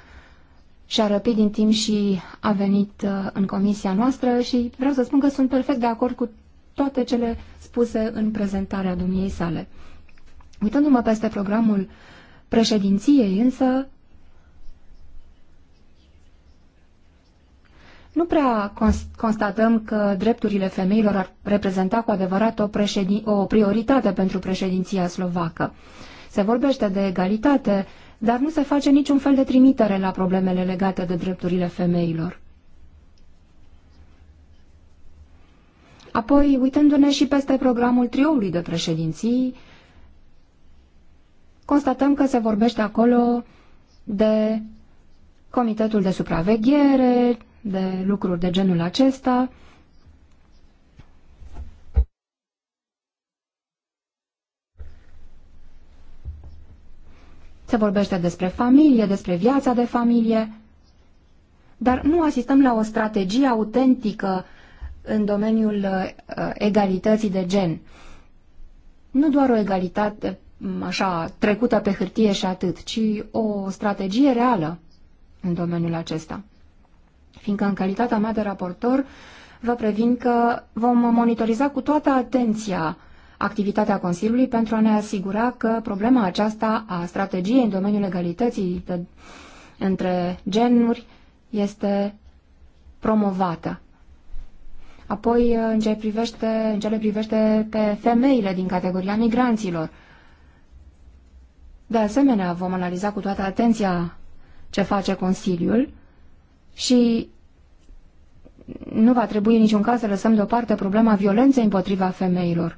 și-a răpit din timp și a venit uh, în comisia noastră și vreau să spun că sunt perfect de acord cu toate cele spuse în prezentarea dumniei sale. Uitându-mă peste programul președinției, însă, Nu prea constatăm că drepturile femeilor ar reprezenta cu adevărat o, o prioritate pentru președinția slovacă. Se vorbește de egalitate dar nu se face niciun fel de trimitere la problemele legate de drepturile femeilor. Apoi, uitându-ne și peste programul trioului de președinții, constatăm că se vorbește acolo de comitetul de supraveghere, de lucruri de genul acesta, Se vorbește despre familie, despre viața de familie, dar nu asistăm la o strategie autentică în domeniul uh, egalității de gen. Nu doar o egalitate așa trecută pe hârtie și atât, ci o strategie reală în domeniul acesta. Fiindcă în calitatea mea de raportor vă previn că vom monitoriza cu toată atenția uh, activitatea Consiliului pentru a ne asigura că problema aceasta a strategiei în domeniul egalității de, între genuri este promovată. Apoi, în, ce privește, în ce le privește pe femeile din categoria migranților. De asemenea, vom analiza cu toată atenția ce face Consiliul și nu va trebui în niciun caz să lăsăm deoparte problema violenței împotriva femeilor.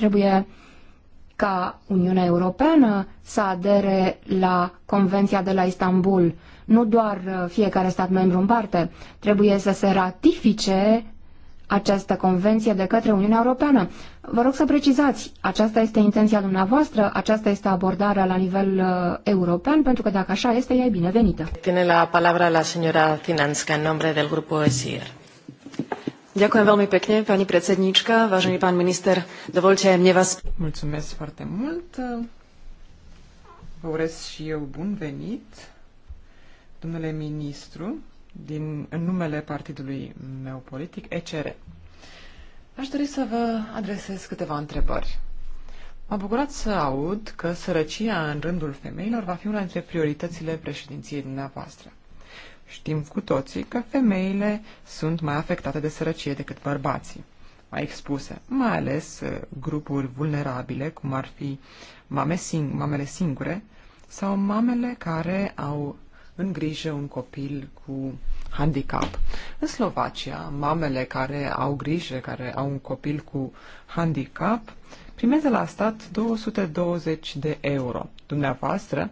Trebuie ca Uniunea Europeană să adere la Convenția de la Istanbul, nu doar uh, fiecare stat membru în parte. Trebuie să se ratifice această convenție de către Uniunea Europeană. Vă rog să precizați, aceasta este intenția dumneavoastră, aceasta este abordarea la nivel uh, european, pentru că dacă așa este, ea e binevenită. Tine la palabra la señora Finanțca în nombre del grupo ESIR. Ďakujem veľmi pekne, pani predsedníčka, vážený pán minister, dovolte aj mne vás... Mulțumesc foarte mult, vă urez și eu bun venit, domnule ministru, din, în numele partidului meu politic, ECR. Aș dori să vă adresez câteva întrebări. M-a bucurat să aud că sărăcia în rândul femeilor va fi una dintre prioritățile președinției dumneavoastră. Știm cu toții că femeile sunt mai afectate de sărăcie decât bărbații, mai expuse, mai ales uh, grupuri vulnerabile, cum ar fi mame sing- mamele singure sau mamele care au în grijă un copil cu handicap. În Slovacia, mamele care au grijă, care au un copil cu handicap, primeze la stat 220 de euro. Dumneavoastră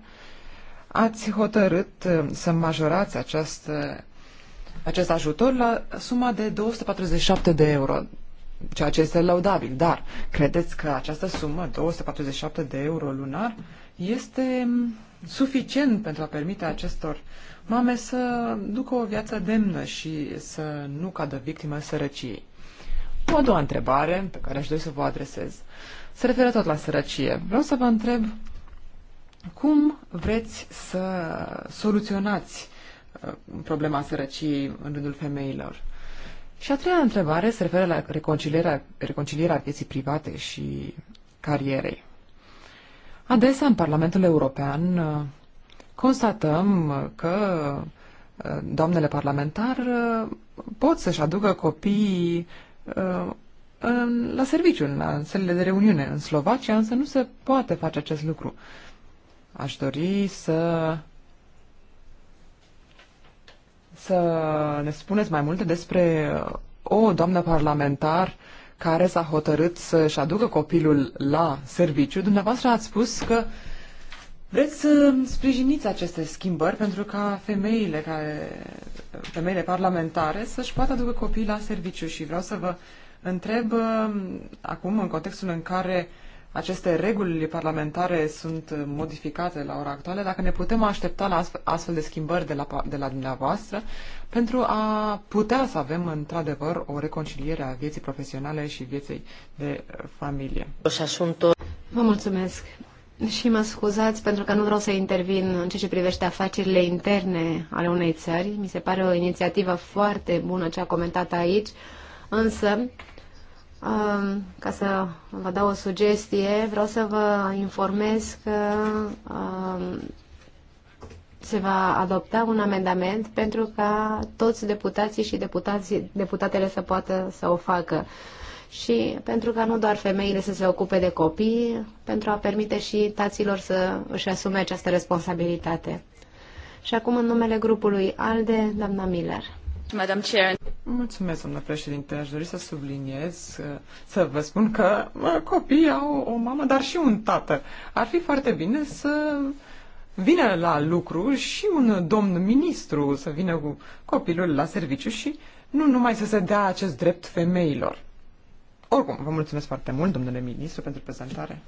ați hotărât uh, să majorați acest acest ajutor la suma de 247 de euro, ceea ce este laudabil. Dar credeți că această sumă, 247 de euro lunar, este mm, suficient pentru a permite acestor mame să ducă o viață demnă și să nu cadă victimă sărăciei? O a doua întrebare pe care aș dori să vă adresez se referă tot la sărăcie. Vreau să vă întreb cum vreți să soluționați uh, problema sărăciei în rândul femeilor? Și a treia întrebare se referă la reconcilierea, reconcilierea vieții private și carierei. Adesea, în Parlamentul European, uh, constatăm că uh, doamnele parlamentar pot să-și aducă copiii la serviciu, la sălile de reuniune. În Slovacia însă nu se poate face acest lucru. Aș dori să să ne spuneți mai multe despre o doamnă parlamentar care s-a hotărât să-și aducă copilul la serviciu. Dumneavoastră ați spus că vreți să sprijiniți aceste schimbări pentru ca femeile, care, femeile parlamentare să-și poată aducă copiii la serviciu și vreau să vă întreb um, acum în contextul în care uh, aceste reguli parlamentare sunt modificate la ora actuală, dacă ne putem aștepta la astfel de schimbări de la, de la dumneavoastră pentru a putea să avem într-adevăr o reconciliere a vieții profesionale și vieții de familie. Vă mulțumesc și mă scuzați pentru că nu vreau să intervin în ceea ce privește afacerile interne ale unei țări. Mi se pare o inițiativă foarte bună ce a comentat aici, însă Um, ca să vă dau o sugestie, vreau să vă informez că um, se va adopta un amendament pentru ca toți deputații și deputații, deputatele să poată să o facă. Și pentru ca nu doar femeile să se ocupe de copii, pentru a permite și taților să își asume această responsabilitate. Și acum, în numele grupului ALDE, doamna Miller. Madam Chair. Mulțumesc, doamna președinte. Aș dori să subliniez, să vă spun că copiii au o mamă, dar și un tată. Ar fi foarte bine să vină la lucru și un domn ministru să vină cu copilul la serviciu și nu numai să se dea acest drept femeilor. Oricum, vă mulțumesc foarte mult, domnule ministru, pentru prezentare.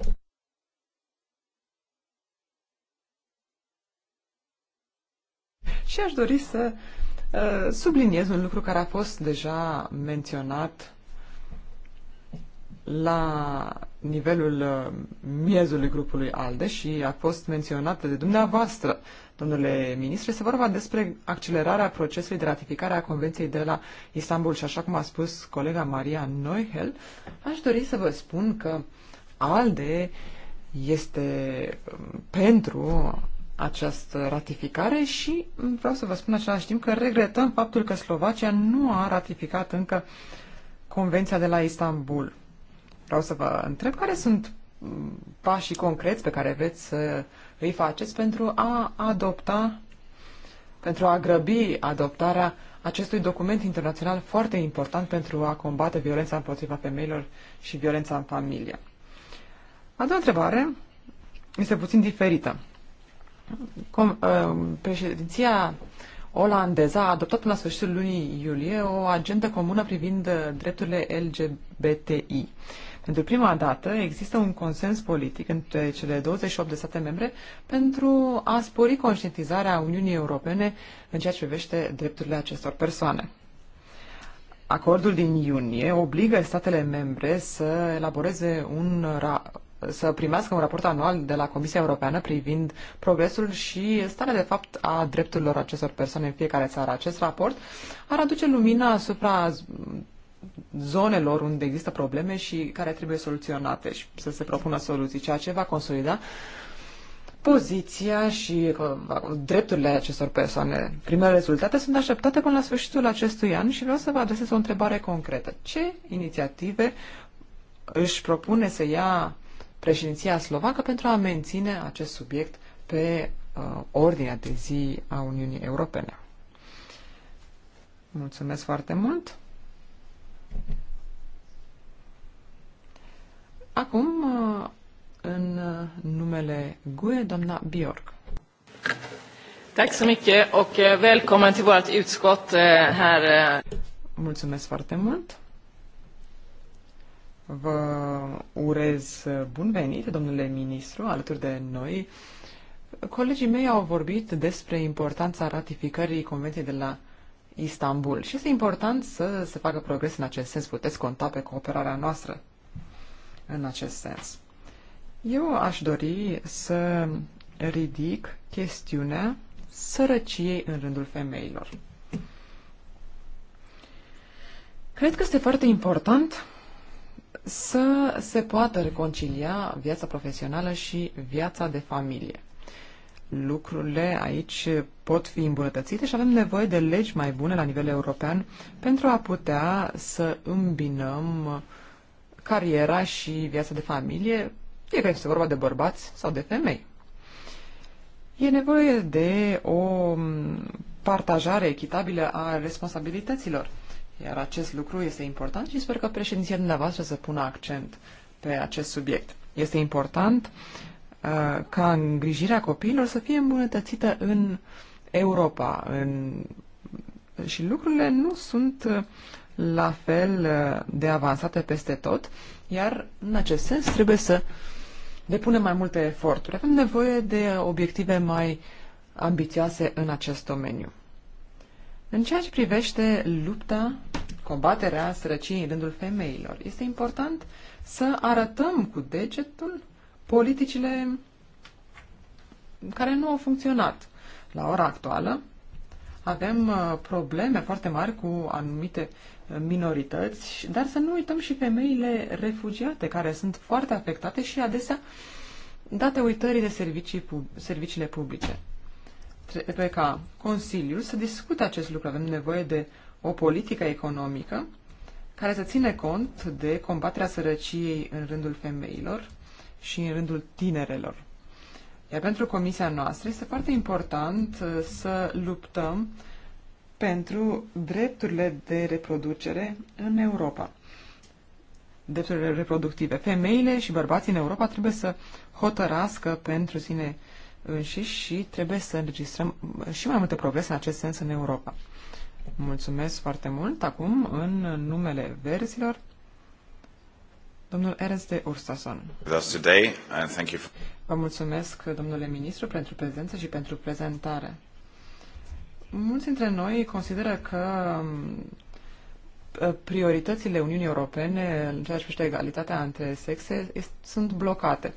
Și aș dori să Uh, subliniez un lucru care a fost deja menționat la nivelul uh, miezului grupului ALDE și a fost menționat de dumneavoastră, domnule ministru, este vorba despre accelerarea procesului de ratificare a Convenției de la Istanbul și așa cum a spus colega Maria Neuhel, aș dori să vă spun că ALDE este um, pentru această ratificare și vreau să vă spun același timp că regretăm faptul că Slovacia nu a ratificat încă Convenția de la Istanbul. Vreau să vă întreb care sunt mm, pașii concreți pe care veți să îi faceți pentru a adopta, pentru a grăbi adoptarea acestui document internațional foarte important pentru a combate violența împotriva femeilor și violența în familie. A doua întrebare este puțin diferită. Com, uh, președinția olandeză a adoptat la sfârșitul lunii iulie o agendă comună privind uh, drepturile LGBTI. Pentru prima dată există un consens politic între cele 28 de state membre pentru a spori conștientizarea Uniunii Europene în ceea ce privește drepturile acestor persoane. Acordul din iunie obligă statele membre să elaboreze un, ra- să primească un raport anual de la Comisia Europeană privind progresul și starea de fapt a drepturilor acestor persoane în fiecare țară. Acest raport ar aduce lumina asupra zonelor unde există probleme și care trebuie soluționate și să se propună soluții, ceea ce va consolida poziția și uh, drepturile acestor persoane. Primele rezultate sunt așteptate până la sfârșitul acestui an și vreau să vă adresez o întrebare concretă. Ce inițiative își propune să ia președinția slovacă pentru a menține acest subiect pe uh, ordinea de zi a Uniunii Europene. Mulțumesc foarte mult! Acum, uh, în numele GUE, doamna Bjork. Tack så mycket och eh, välkommen till vårt utskott eh, här. Eh. Mulțumesc foarte mult! Vă urez bun venit, domnule ministru, alături de noi. Colegii mei au vorbit despre importanța ratificării Convenției de la Istanbul și este important să se facă progres în acest sens. Puteți conta pe cooperarea noastră în acest sens. Eu aș dori să ridic chestiunea sărăciei în rândul femeilor. Cred că este foarte important să se poată reconcilia viața profesională și viața de familie. Lucrurile aici pot fi îmbunătățite și avem nevoie de legi mai bune la nivel european pentru a putea să îmbinăm cariera și viața de familie, fie că este vorba de bărbați sau de femei. E nevoie de o partajare echitabilă a responsabilităților iar acest lucru este important și sper că președinția dumneavoastră să pună accent pe acest subiect. Este important uh, ca îngrijirea copiilor să fie îmbunătățită în Europa. În... Și lucrurile nu sunt uh, la fel uh, de avansate peste tot, iar în acest sens trebuie să depunem mai multe eforturi. Avem nevoie de obiective mai ambițioase în acest domeniu. În ceea ce privește lupta combaterea sărăciei în rândul femeilor. Este important să arătăm cu degetul politicile care nu au funcționat. La ora actuală avem uh, probleme foarte mari cu anumite uh, minorități, dar să nu uităm și femeile refugiate, care sunt foarte afectate și adesea date uitării de servicii, serviciile publice. Trebuie ca Consiliul să discute acest lucru. Avem nevoie de o politică economică care să ține cont de combaterea sărăciei în rândul femeilor și în rândul tinerelor. Iar pentru comisia noastră este foarte important uh, să luptăm pentru drepturile de reproducere în Europa. Drepturile reproductive. Femeile și bărbații în Europa trebuie să hotărască pentru sine înșiși și trebuie să înregistrăm și mai multe progrese în acest sens în Europa. Mulțumesc foarte mult. Acum, în numele verzilor, domnul Ernst de Ursason. Vă mulțumesc, domnule ministru, pentru prezență și pentru prezentare. Mulți dintre noi consideră că mm, prioritățile Uniunii Europene în ceea ce privește egalitatea între sexe sunt blocate.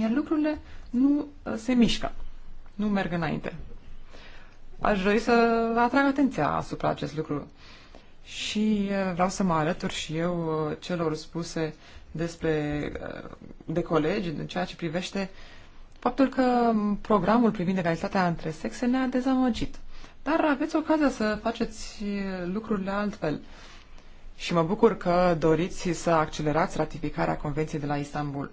Iar lucrurile nu se mișcă, nu merg înainte. Aș dori să atrag atenția asupra acest lucru. Și uh, vreau să mă alătur și eu uh, celor spuse despre, uh, de colegi în ceea ce privește faptul că programul privind egalitatea între sexe ne-a dezamăgit. Dar aveți ocazia să faceți lucrurile altfel. Și mă bucur că doriți să accelerați ratificarea Convenției de la Istanbul.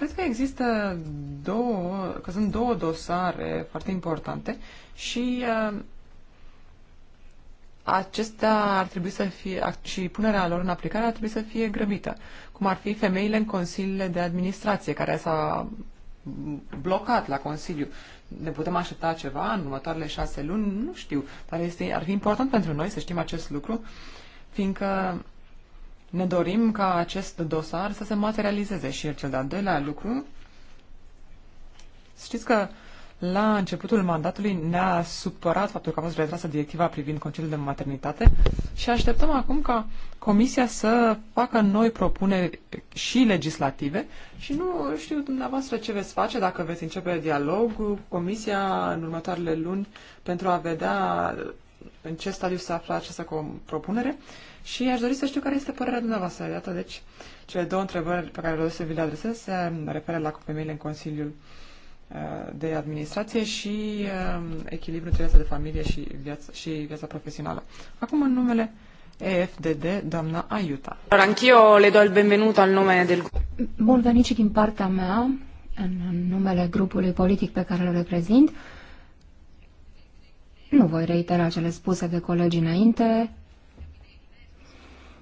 Cred că există două, că sunt două dosare foarte importante și uh, acestea ar trebui să fie, și punerea lor în aplicare ar trebui să fie grăbită, cum ar fi femeile în consiliile de administrație, care s-a blocat la Consiliu. Ne putem aștepta ceva în următoarele șase luni? Nu știu, dar este, ar fi important pentru noi să știm acest lucru, fiindcă ne dorim ca acest dosar să se materializeze și cel de-al doilea lucru. Știți că la începutul mandatului ne-a supărat faptul că a fost retrasă directiva privind concediul de maternitate și așteptăm acum ca Comisia să facă noi propuneri și legislative și nu știu dumneavoastră ce veți face dacă veți începe dialog cu Comisia în următoarele luni pentru a vedea în ce stadiu se află această propunere și aș dori să știu care este părerea dumneavoastră de data. Deci, cele două întrebări pe care vreau să vi le adresez se referă la femeile în Consiliul uh, de administrație și um, echilibru între viața de familie și viața, și viața profesională. Acum, în numele EFDD, doamna Ayuta. Anch'io le do il benvenuto al nome del... Bun venit și din partea mea, în numele grupului politic pe care îl reprezint. Nu voi reitera cele spuse de colegi înainte,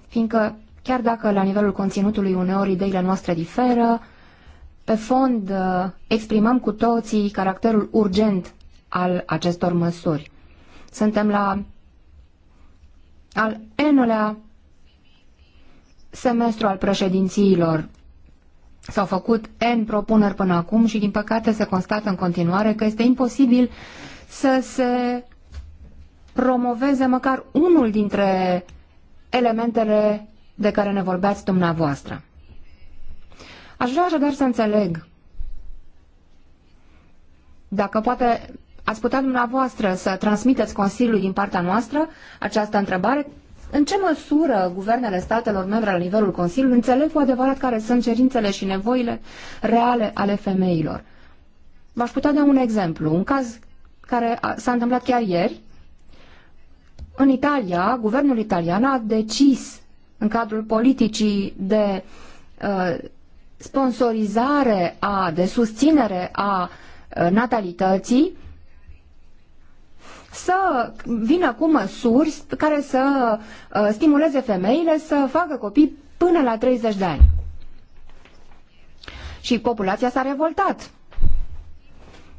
fiindcă chiar dacă la nivelul conținutului uneori ideile noastre diferă, pe fond uh, exprimăm cu toții caracterul urgent al acestor măsuri. Suntem la al enulea semestru al președințiilor. S-au făcut N propuneri până acum și, din păcate, se constată în continuare că este imposibil să se promoveze măcar unul dintre elementele de care ne vorbeați dumneavoastră. Aș vrea așadar să înțeleg dacă poate ați putea dumneavoastră să transmiteți Consiliului din partea noastră această întrebare, în ce măsură guvernele statelor membre la nivelul Consiliului înțeleg cu adevărat care sunt cerințele și nevoile reale ale femeilor? V-aș putea da un exemplu, un caz care s-a întâmplat chiar ieri, în Italia, guvernul italian a decis în cadrul politicii de uh, sponsorizare, a, de susținere a uh, natalității, să vină cu măsuri care să uh, stimuleze femeile să facă copii până la 30 de ani. Și populația s-a revoltat.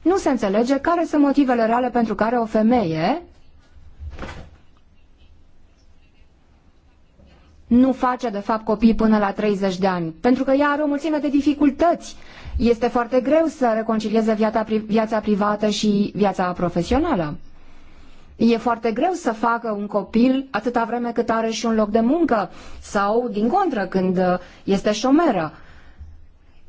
Nu se înțelege care sunt motivele reale pentru care o femeie nu face, de fapt, copii până la 30 de ani, pentru că ea are o mulțime de dificultăți. Este foarte greu să reconcilieze viața, viața privată și viața profesională. E foarte greu să facă un copil atâta vreme cât are și un loc de muncă sau, din contră, când este șomeră.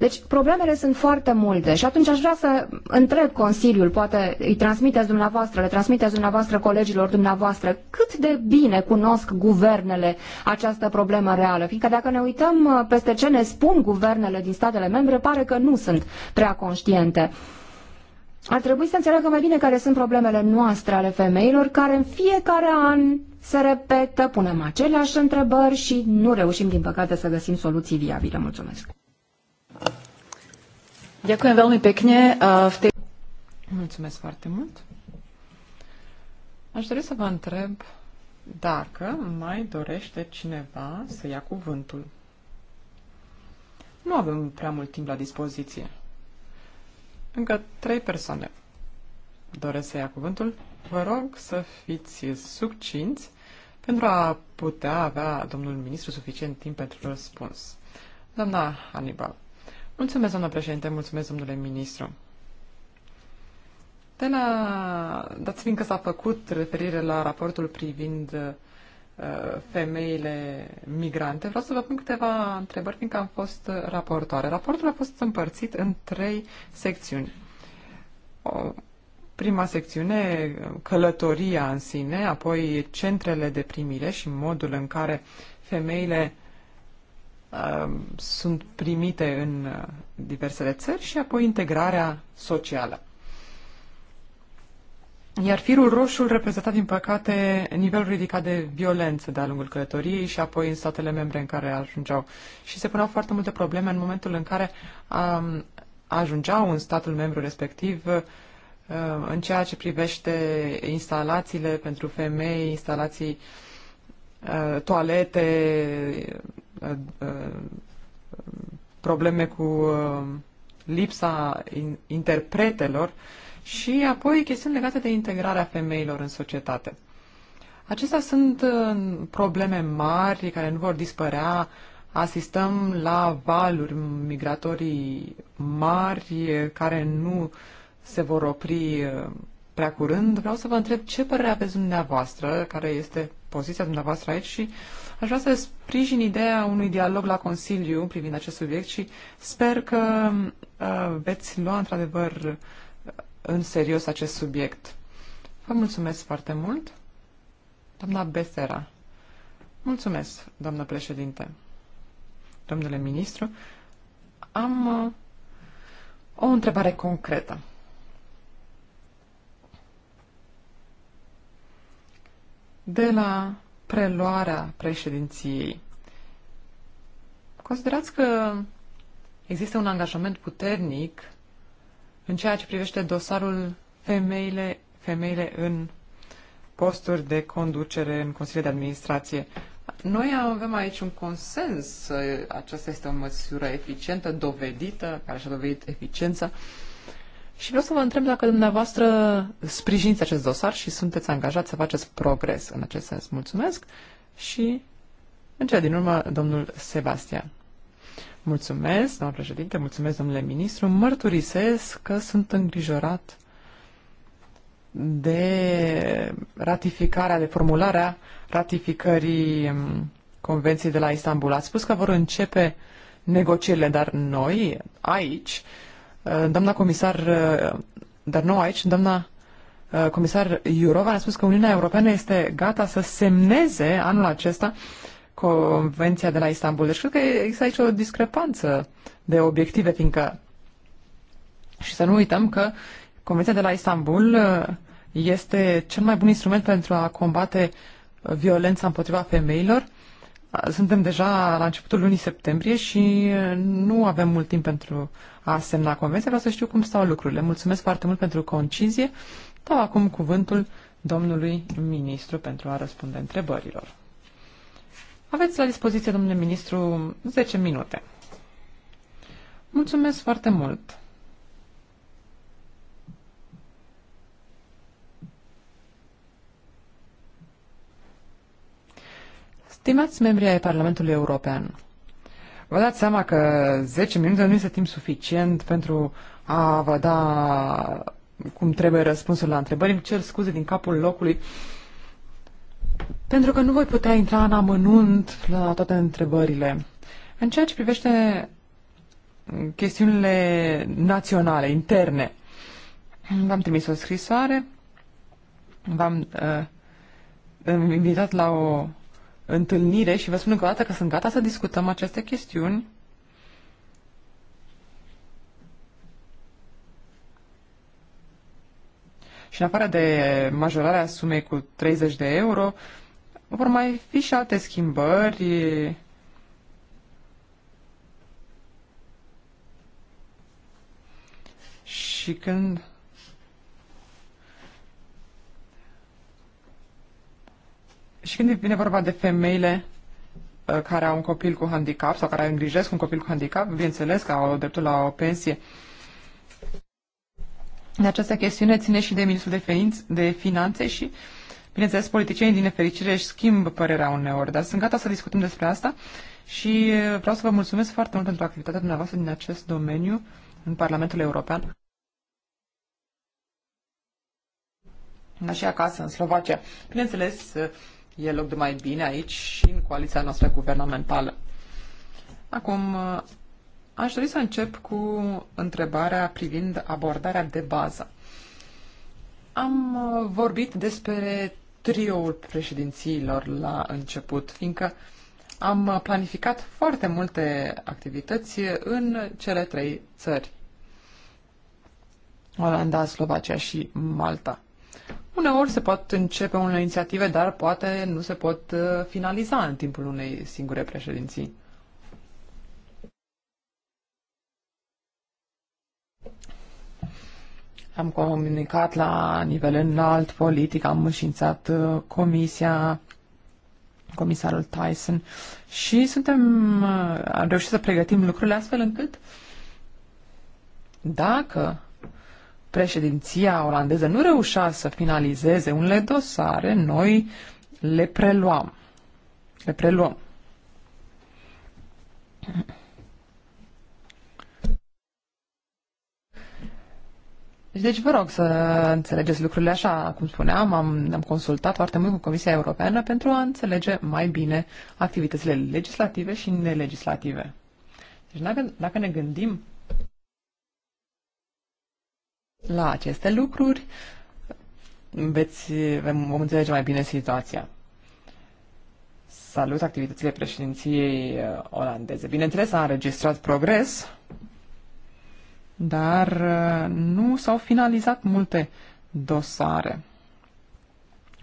Deci problemele sunt foarte multe și atunci aș vrea să întreb Consiliul, poate îi transmiteți dumneavoastră, le transmiteți dumneavoastră colegilor dumneavoastră, cât de bine cunosc guvernele această problemă reală, fiindcă dacă ne uităm uh, peste ce ne spun guvernele din statele membre, pare că nu sunt prea conștiente. Ar trebui să înțeleagă mai bine care sunt problemele noastre ale femeilor, care în fiecare an se repetă, punem aceleași întrebări și nu reușim, din păcate, să găsim soluții viabile. Mulțumesc! Ďakujem veľmi pekne. V tej... Mulțumesc foarte mult. Aș dori să vă întreb dacă mai dorește cineva să ia cuvântul. Nu avem prea mult timp la dispoziție. Încă trei persoane doresc să ia cuvântul. Vă rog să fiți succinți pentru a putea avea domnul ministru suficient timp pentru răspuns. Doamna Hannibal. Mulțumesc, doamnă președinte, mulțumesc, domnule ministru. De la, dați fiindcă s-a făcut referire la raportul privind uh, femeile migrante, vreau să vă pun câteva întrebări, fiindcă am fost raportoare. Raportul a fost împărțit în trei secțiuni. O, prima secțiune, călătoria în sine, apoi centrele de primire și modul în care femeile Um, sunt primite în uh, diversele țări și apoi integrarea socială. Iar firul roșu reprezenta, din păcate, nivelul ridicat de violență de-a lungul călătoriei și apoi în statele membre în care ajungeau. Și se puneau foarte multe probleme în momentul în care um, ajungeau în statul membru respectiv uh, în ceea ce privește instalațiile pentru femei, instalații uh, Uh, toalete, uh, uh, probleme cu lipsa interpretelor și apoi chestiuni legate de integrarea femeilor în societate. Acestea sunt probleme mari care nu vor dispărea. Asistăm la valuri migratorii mari care nu se vor opri prea curând, vreau să vă întreb ce părere aveți dumneavoastră, care este poziția dumneavoastră aici și aș vrea să sprijin ideea unui dialog la Consiliu privind acest subiect și sper că uh, veți lua într-adevăr uh, în serios acest subiect. Vă mulțumesc foarte mult, doamna Besera. Mulțumesc, doamnă președinte. Domnule ministru, am uh, o întrebare concretă. de la preluarea președinției. Considerați că există un angajament puternic în ceea ce privește dosarul femeile, femeile în posturi de conducere în Consiliul de Administrație. Noi avem aici un consens, aceasta este o măsură eficientă, dovedită, care și-a dovedit eficiența. Uh, și vreau să vă întreb dacă dumneavoastră sprijiniți acest dosar și sunteți angajați să faceți progres în acest sens. Mulțumesc și în cea din urmă, domnul Sebastian. Mulțumesc, domnul președinte, mulțumesc, domnule ministru. Mărturisesc că sunt îngrijorat de ratificarea, de formularea ratificării mm, Convenției de la Istanbul. Ați spus că vor începe negocierile, dar noi, aici, Uh, doamna comisar, uh, dar nu aici, doamna uh, comisar Iurova a spus că Uniunea Europeană este gata să semneze anul acesta Convenția de la Istanbul. Deci cred că există aici o discrepanță de obiective, fiindcă și să nu uităm că Convenția de la Istanbul este cel mai bun instrument pentru a combate violența împotriva femeilor suntem deja la începutul lunii septembrie și nu avem mult timp pentru a semna convenția. Vreau să știu cum stau lucrurile. Mulțumesc foarte mult pentru concizie. Dau acum cuvântul domnului ministru pentru a răspunde întrebărilor. Aveți la dispoziție, domnule ministru, 10 minute. Mulțumesc foarte mult. Stimați membri ai Parlamentului European, vă dați seama că 10 minute nu este timp suficient pentru a vă da cum trebuie răspunsul la întrebări. Îmi cer scuze din capul locului pentru că nu voi putea intra în amănunt la toate întrebările. În ceea ce privește chestiunile naționale, interne, v-am trimis o scrisoare, v-am uh, invitat la o întâlnire și vă spun încă o dată că sunt gata să discutăm aceste chestiuni. Și în afară de majorarea sumei cu 30 de euro, vor mai fi și alte schimbări. Și când Și când vine vorba de femeile uh, care au un copil cu handicap sau care îngrijesc un copil cu handicap, bineînțeles că au dreptul la o pensie. În această chestiune ține și de ministrul de, ființ, de finanțe și, bineînțeles, politicienii din nefericire își schimb părerea uneori, dar sunt gata să discutăm despre asta și uh, vreau să vă mulțumesc foarte mult pentru activitatea dumneavoastră din acest domeniu în Parlamentul European. Așa și acasă, în Slovacia. Bineînțeles, uh, e loc de mai bine aici și în coaliția noastră guvernamentală. Acum, aș dori să încep cu întrebarea privind abordarea de bază. Am uh, vorbit despre trioul președințiilor la început, fiindcă am uh, planificat foarte multe activități în cele trei țări. Olanda, Slovacia și Malta. Uneori se pot începe unele inițiative, dar poate nu se pot uh, finaliza în timpul unei singure președinții. Am comunicat la nivel înalt politic, am înșințat uh, comisia, comisarul Tyson și suntem, uh, am reușit să pregătim lucrurile astfel încât dacă președinția olandeză nu reușea să finalizeze unele dosare, noi le preluam. Le preluăm. Deci vă rog să înțelegeți lucrurile așa, cum spuneam, am, am consultat foarte mult cu Comisia Europeană pentru a înțelege mai bine activitățile legislative și nelegislative. Deci dacă, dacă ne gândim la aceste lucruri, veți, vom înțelege mai bine situația. Salut activitățile președinției uh, olandeze. Bineînțeles, a înregistrat progres, dar uh, nu s-au finalizat multe dosare.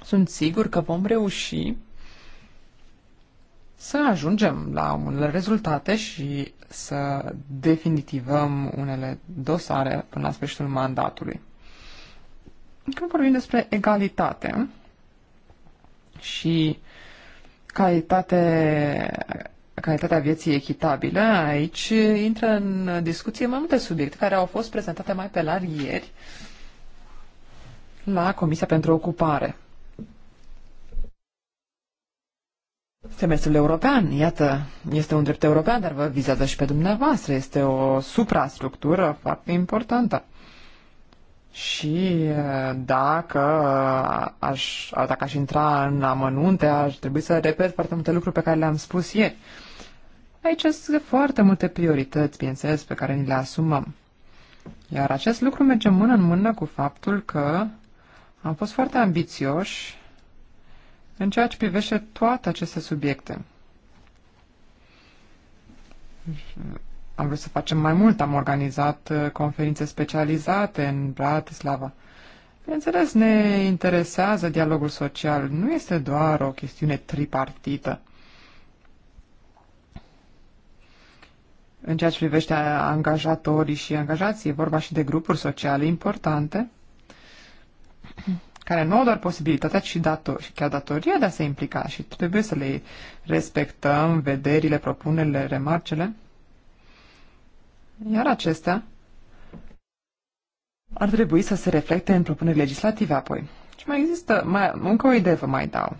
Sunt sigur că vom reuși să ajungem la unele rezultate și să definitivăm unele dosare până la sfârșitul mandatului. Când vorbim despre egalitate și calitate, calitatea vieții echitabile, aici intră în discuție mai multe subiecte care au fost prezentate mai pe larg ieri la Comisia pentru Ocupare. Semestrul european, iată, este un drept european, dar vă vizează și pe dumneavoastră. Este o suprastructură foarte importantă. Și dacă aș, dacă aș intra în amănunte, aș trebui să repet foarte multe lucruri pe care le-am spus ieri. Aici sunt foarte multe priorități, bineînțeles, pe care ni le asumăm. Iar acest lucru merge mână în mână cu faptul că am fost foarte ambițioși în ceea ce privește toate aceste subiecte. Am vrut să facem mai mult, am organizat uh, conferințe specializate în Bratislava. Bineînțeles, ne interesează dialogul social, nu este doar o chestiune tripartită. În ceea ce privește angajatorii și angajații, e vorba și de grupuri sociale importante care nu au doar posibilitatea, ci dator, chiar datoria de a se implica și trebuie să le respectăm vederile, propunerile, remarcele. Iar acestea ar trebui să se reflecte în propuneri legislative apoi. Și mai există, mai, încă o idee vă mai dau.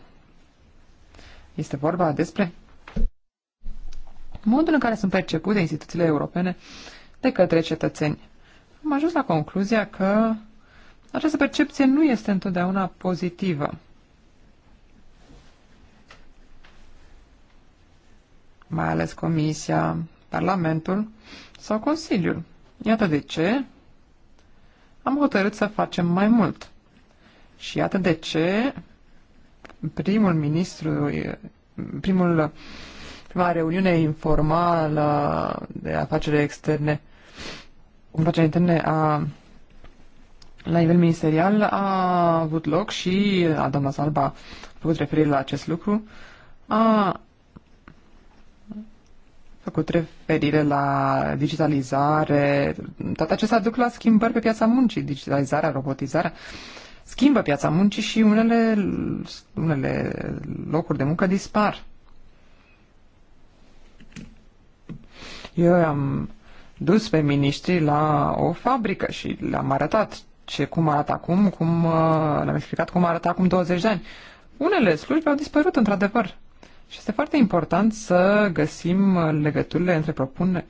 Este vorba despre modul în care sunt percepute instituțiile europene de către cetățeni. Am ajuns la concluzia că această percepție nu este întotdeauna pozitivă. Mai ales Comisia, Parlamentul sau Consiliul. Iată de ce am hotărât să facem mai mult. Și iată de ce primul ministru, primul, prima reuniune informală de afaceri externe, afaceri interne a la nivel ministerial a avut loc și a doamna Salba a făcut referire la acest lucru, a făcut referire la digitalizare. Toate acestea duc la schimbări pe piața muncii, digitalizarea, robotizarea. Schimbă piața muncii și unele, unele locuri de muncă dispar. Eu am dus pe miniștri la o fabrică și le-am arătat ce, cum arată acum, cum le-am uh, explicat cum arată acum 20 de ani. Unele slujbe au dispărut, într-adevăr. Și este foarte important să găsim legăturile între propuneri.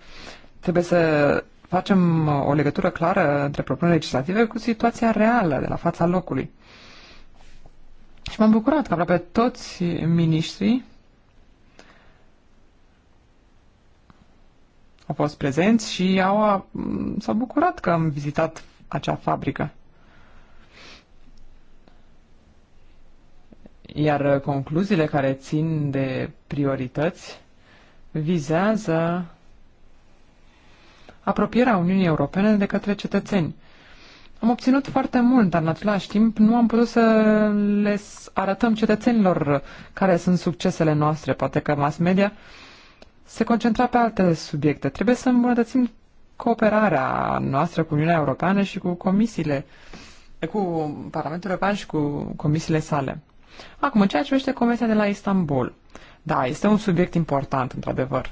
Trebuie să facem uh, o legătură clară între propunerile legislative cu situația reală de la fața locului. Și m-am bucurat că aproape toți miniștrii au fost prezenți și au, uh, s-au bucurat că am vizitat acea fabrică. Iar uh, concluziile care țin de priorități vizează apropierea Uniunii Europene de către cetățeni. Am obținut foarte mult, dar în același timp nu am putut să le arătăm cetățenilor care sunt succesele noastre. Poate că mass media se concentra pe alte subiecte. Trebuie să îmbunătățim cooperarea noastră cu Uniunea Europeană și cu comisiile, cu Parlamentul European și cu comisiile sale. Acum, în ceea ce privește comisia de la Istanbul, da, este un subiect important, într-adevăr,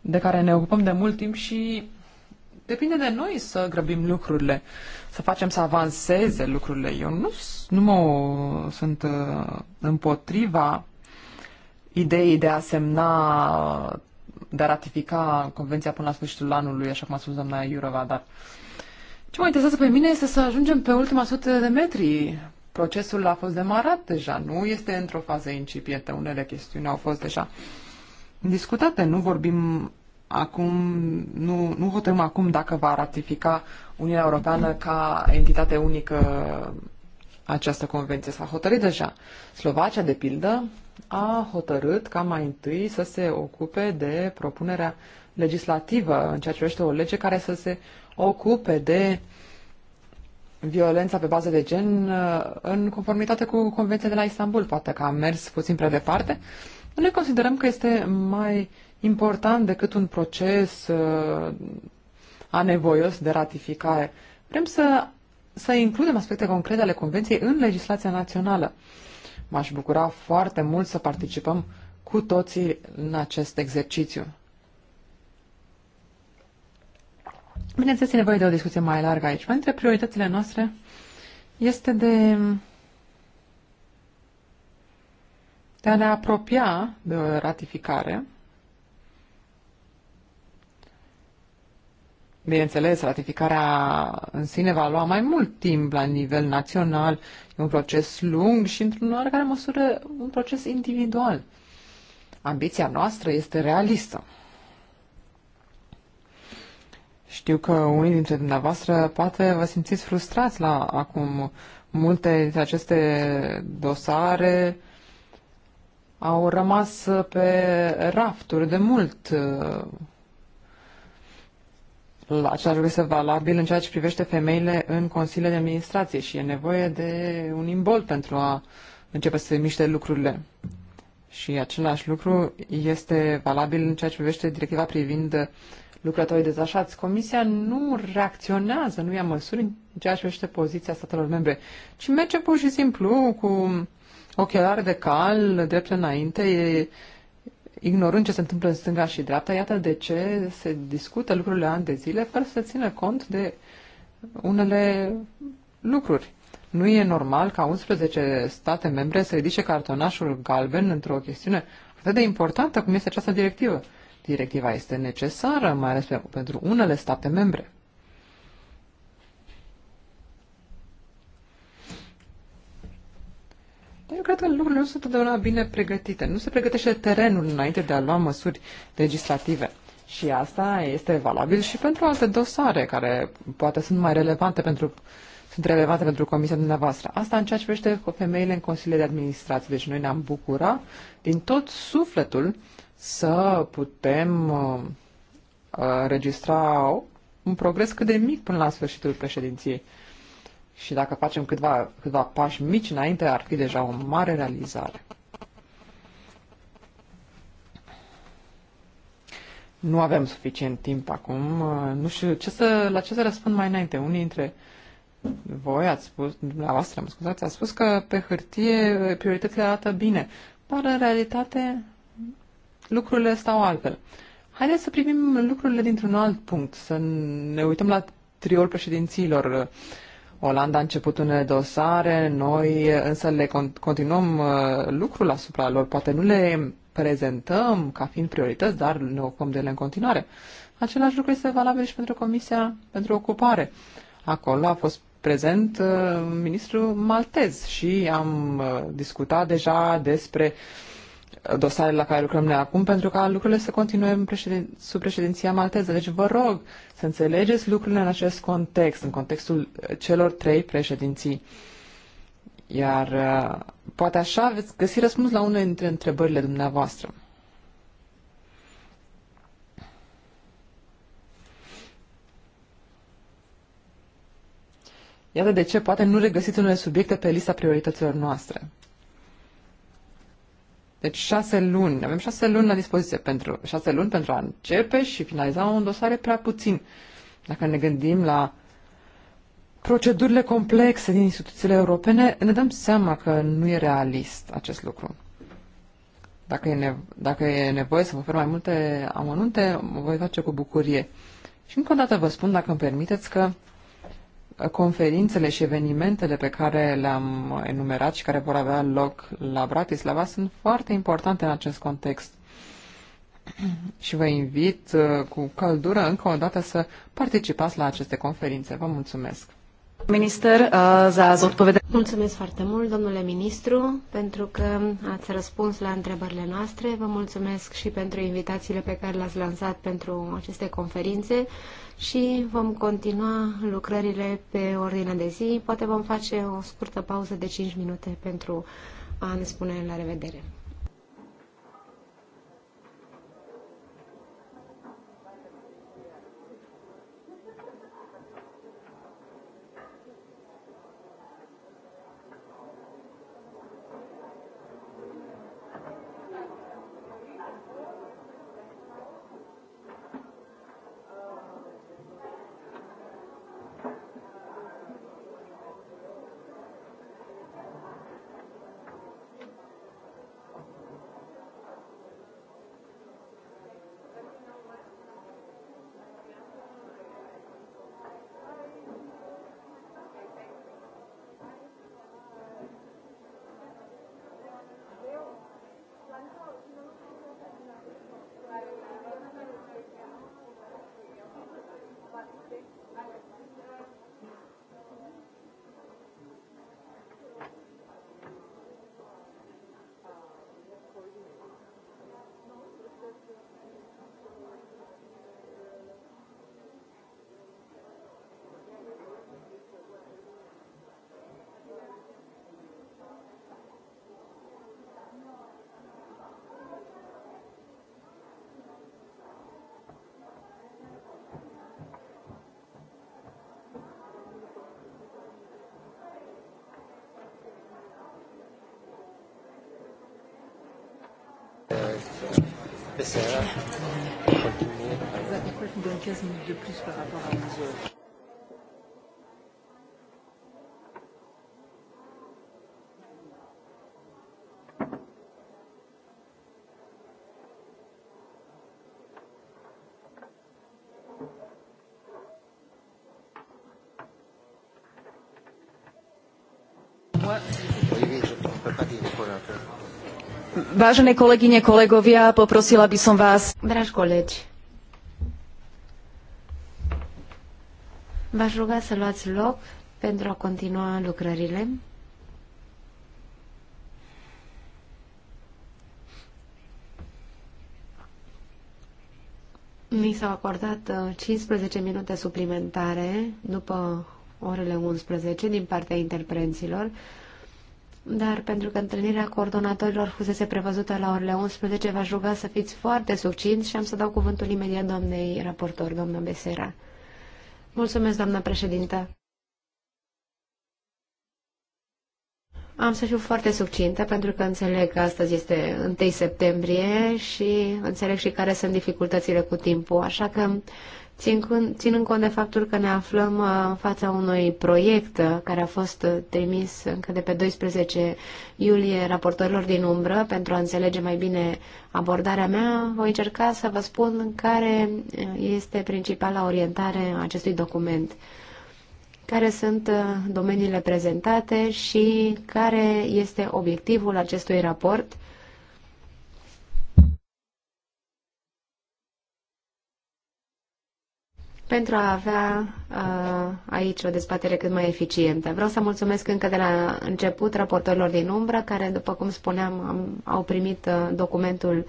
de care ne ocupăm de mult timp și depinde de noi să grăbim lucrurile, să facem să avanseze lucrurile. Eu nu, nu mă sunt uh, împotriva ideii de a semna de a ratifica convenția până la sfârșitul anului, așa cum a spus doamna Iurova, dar ce mă interesează pe mine este să ajungem pe ultima sută de metri. Procesul a fost demarat deja, nu este într-o fază incipientă. Unele chestiuni au fost deja discutate. Nu vorbim acum, nu, nu hotărâm acum dacă va ratifica Uniunea Europeană ca entitate unică această convenție. S-a hotărât deja. Slovacia, de pildă, a hotărât ca mai întâi să se ocupe de propunerea legislativă în ceea ce privește o lege care să se ocupe de violența pe bază de gen uh, în conformitate cu Convenția de la Istanbul. Poate că a mers puțin prea departe. Noi considerăm că este mai important decât un proces uh, anevoios de ratificare. Vrem să, să includem aspecte concrete ale Convenției în legislația națională. M-aș bucura foarte mult să participăm cu toții în acest exercițiu. Bineînțeles, e nevoie de o discuție mai largă aici. Una dintre prioritățile noastre este de, de a ne apropia de o ratificare Bineînțeles, ratificarea în sine va lua mai mult timp la nivel național, e un proces lung și, într-un oarecare măsură, un proces individual. Ambiția noastră este realistă. Știu că unii dintre dumneavoastră poate vă simțiți frustrați la acum multe dintre aceste dosare au rămas pe rafturi de mult Același lucru este valabil în ceea ce privește femeile în consiliile de administrație și e nevoie de un imbol pentru a începe să se miște lucrurile. Și același lucru este valabil în ceea ce privește directiva privind lucrătorii dezașați. Comisia nu reacționează, nu ia măsuri în ceea ce privește poziția statelor membre, ci merge pur și simplu cu ochelare de cal, drept înainte, e, ignorând ce se întâmplă în stânga și dreapta, iată de ce se discută lucrurile ani de zile fără să țină cont de unele lucruri. Nu e normal ca 11 state membre să ridice cartonașul galben într-o chestiune atât de importantă cum este această directivă. Directiva este necesară, mai ales pentru unele state membre. Dar eu cred că lucrurile nu sunt întotdeauna bine pregătite. Nu se pregătește terenul înainte de a lua măsuri legislative. Și asta este valabil și pentru alte dosare care poate sunt mai relevante pentru sunt relevante pentru comisia dumneavoastră. Asta în ceea ce privește femeile în consiliul de administrație. Deci noi ne-am bucurat din tot sufletul să putem uh, uh, registra un progres cât de mic până la sfârșitul președinției și dacă facem câteva, câteva pași mici înainte, ar fi deja o mare realizare. Nu avem suficient timp acum. Nu știu ce să, la ce să răspund mai înainte. Unii dintre voi ați spus, dumneavoastră, mă scuzați, ați spus că pe hârtie prioritățile arată bine. Dar în realitate lucrurile stau altfel. Haideți să privim lucrurile dintr-un alt punct, să ne uităm la triul președinților. Uh, Olanda a început unele dosare, noi însă le continuăm uh, lucrul asupra lor. Poate nu le prezentăm ca fiind priorități, dar ne ocupăm de ele în continuare. Același lucru este valabil și pentru Comisia pentru Ocupare. Acolo a fost prezent uh, ministrul maltez și am uh, discutat deja despre uh, dosarele la care lucrăm noi acum pentru ca lucrurile să continue în președin, sub președinția malteză. Deci vă rog să înțelegeți lucrurile în acest context, în contextul celor trei președinții. Iar uh, poate așa veți găsi răspuns la unele dintre întrebările dumneavoastră. Iată de ce poate nu regăsiți unele subiecte pe lista priorităților noastre. Deci șase luni. Avem șase luni la dispoziție pentru șase luni pentru a începe și finaliza un dosare prea puțin. Dacă ne gândim la procedurile complexe din instituțiile europene, ne dăm seama că nu e realist acest lucru. Dacă e, nevo- dacă e nevoie să vă ofer mai multe amănunte, o voi face cu bucurie. Și încă o dată vă spun, dacă îmi permiteți, că conferințele și evenimentele pe care le-am enumerat și care vor avea loc la Bratislava sunt foarte importante în acest context. Și vă invit uh, cu căldură încă o dată să participați la aceste conferințe. Vă mulțumesc! Minister, uh, Mulțumesc foarte mult, domnule ministru, pentru că ați răspuns la întrebările noastre. Vă mulțumesc și pentru invitațiile pe care le-ați lansat pentru aceste conferințe și vom continua lucrările pe ordine de zi. Poate vom face o scurtă pauză de 5 minute pentru a ne spune la revedere. Et c'est là, continuer. Là, en donne 15 minutes de plus par rapport à 11 heures. Vážené kolegyne, kolegovia, poprosila by som vás... Dragi colegi, v-aș ruga să luați loc pentru a continua lucrările. Mi s-au acordat 15 uh, minute suplimentare după orele 11 din partea interprenților, dar pentru că întâlnirea coordonatorilor fusese prevăzută la orele 11, v-aș ruga să fiți foarte succint și am să dau cuvântul imediat doamnei raportor, doamna Besera. Mulțumesc, doamna președintă. Am să fiu foarte succintă pentru că înțeleg că astăzi este 1 septembrie și înțeleg și care sunt dificultățile cu timpul, așa că ținând cont de faptul că ne aflăm uh, în fața unui proiect uh, care a fost trimis uh, încă de pe 12 iulie raportorilor din umbră pentru a înțelege mai bine abordarea mea, voi încerca să vă spun care este principala orientare a acestui document care sunt domeniile prezentate și care este obiectivul acestui raport pentru a avea uh, aici o dezbatere cât mai eficientă. Vreau să mulțumesc încă de la început raportorilor din umbră, care, după cum spuneam, am, au primit uh, documentul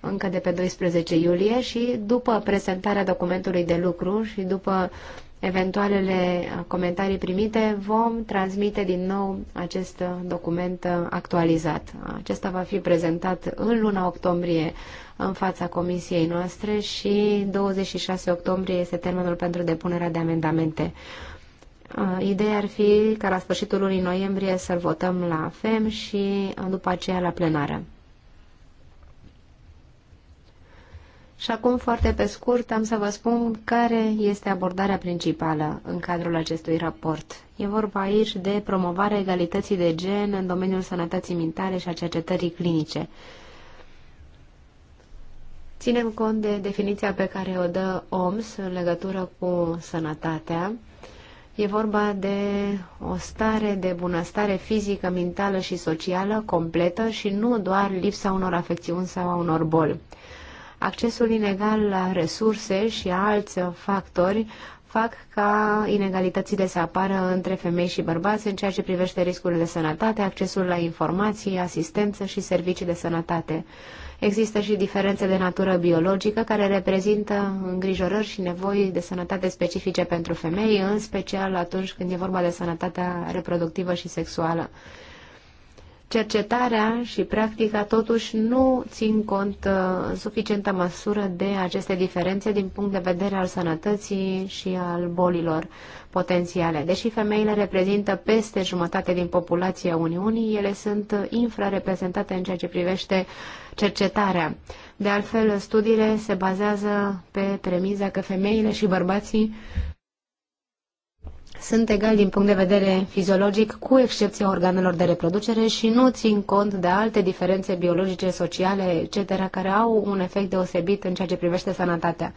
încă de pe 12 iulie și după prezentarea documentului de lucru și după eventualele comentarii primite, vom transmite din nou acest document actualizat. Acesta va fi prezentat în luna octombrie în fața comisiei noastre și 26 octombrie este termenul pentru depunerea de amendamente. Uh, ideea ar fi ca la sfârșitul lunii noiembrie să-l votăm la FEM și uh, după aceea la plenară. Și acum, foarte pe scurt, am să vă spun care este abordarea principală în cadrul acestui raport. E vorba aici de promovarea egalității de gen în domeniul sănătății mentale și a cercetării clinice. Ținem cont de definiția pe care o dă OMS în legătură cu sănătatea. E vorba de o stare de bunăstare fizică, mentală și socială completă și nu doar lipsa unor afecțiuni sau a unor boli accesul inegal la resurse și alți factori fac ca inegalitățile să apară între femei și bărbați în ceea ce privește riscurile de sănătate, accesul la informații, asistență și servicii de sănătate. Există și diferențe de natură biologică care reprezintă îngrijorări și nevoi de sănătate specifice pentru femei, în special atunci când e vorba de sănătatea reproductivă și sexuală cercetarea și practica totuși nu țin cont uh, în suficientă măsură de aceste diferențe din punct de vedere al sănătății și al bolilor potențiale. Deși femeile reprezintă peste jumătate din populația Uniunii, ele sunt infrareprezentate în ceea ce privește cercetarea. De altfel, studiile se bazează pe premiza că femeile și bărbații sunt egali din punct de vedere fiziologic, cu excepția organelor de reproducere și nu țin cont de alte diferențe biologice, sociale, etc., care au un efect deosebit în ceea ce privește sănătatea.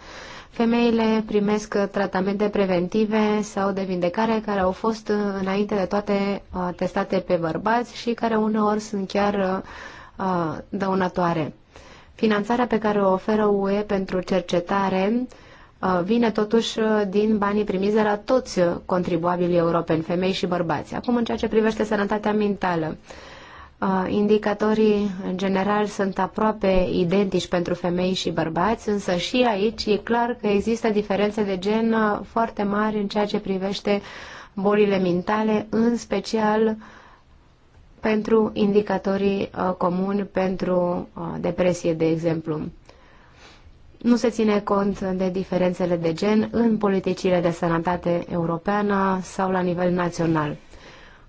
Femeile primesc tratamente preventive sau de vindecare care au fost înainte de toate uh, testate pe bărbați și care uneori sunt chiar uh, uh, dăunătoare. Finanțarea pe care o oferă UE pentru cercetare Uh, vine totuși uh, din banii primiți de la toți uh, contribuabilii europeni, femei și bărbați. Acum, în ceea ce privește sănătatea mentală, indicatorii în general sunt aproape identici pentru femei și bărbați, însă și aici e clar că există diferențe de gen foarte mari în ceea ce privește bolile mentale, în special pentru indicatorii comuni pentru depresie, de exemplu nu se ține cont de diferențele de gen în politicile de sănătate europeană sau la nivel național.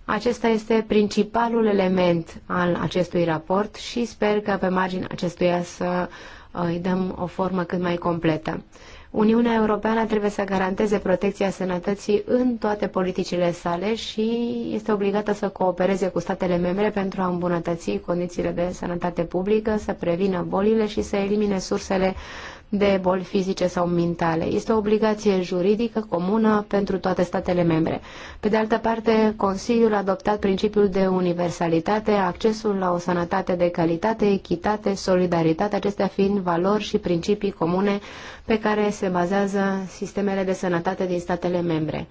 Acesta este principalul element al acestui raport și sper că pe marginea acestuia să uh, îi dăm o formă cât mai completă. Uniunea Europeană trebuie să garanteze protecția sănătății în toate politicile sale și este obligată să coopereze cu statele membre pentru a îmbunătăți condițiile de sănătate publică, să prevină bolile și să elimine sursele de boli fizice sau mentale. Este o obligație juridică comună pentru toate statele membre. Pe de altă parte, Consiliul a adoptat principiul de universalitate, accesul la o sănătate de calitate, echitate, solidaritate, acestea fiind valori și principii comune pe care se bazează sistemele de sănătate din statele membre.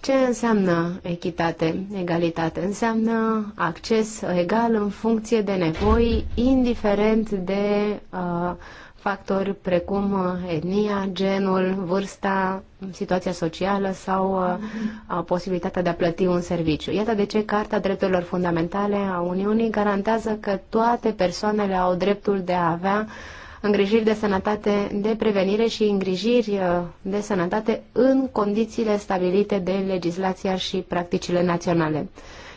Ce înseamnă echitate, egalitate? Înseamnă acces egal în funcție de nevoi, indiferent de uh, factori precum uh, etnia, genul, vârsta, situația socială sau uh, uh, posibilitatea de a plăti un serviciu. Iată de ce Carta Drepturilor Fundamentale a Uniunii garantează că toate persoanele au dreptul de a avea îngrijiri de sănătate de prevenire și îngrijiri de sănătate în condițiile stabilite de legislația și practicile naționale.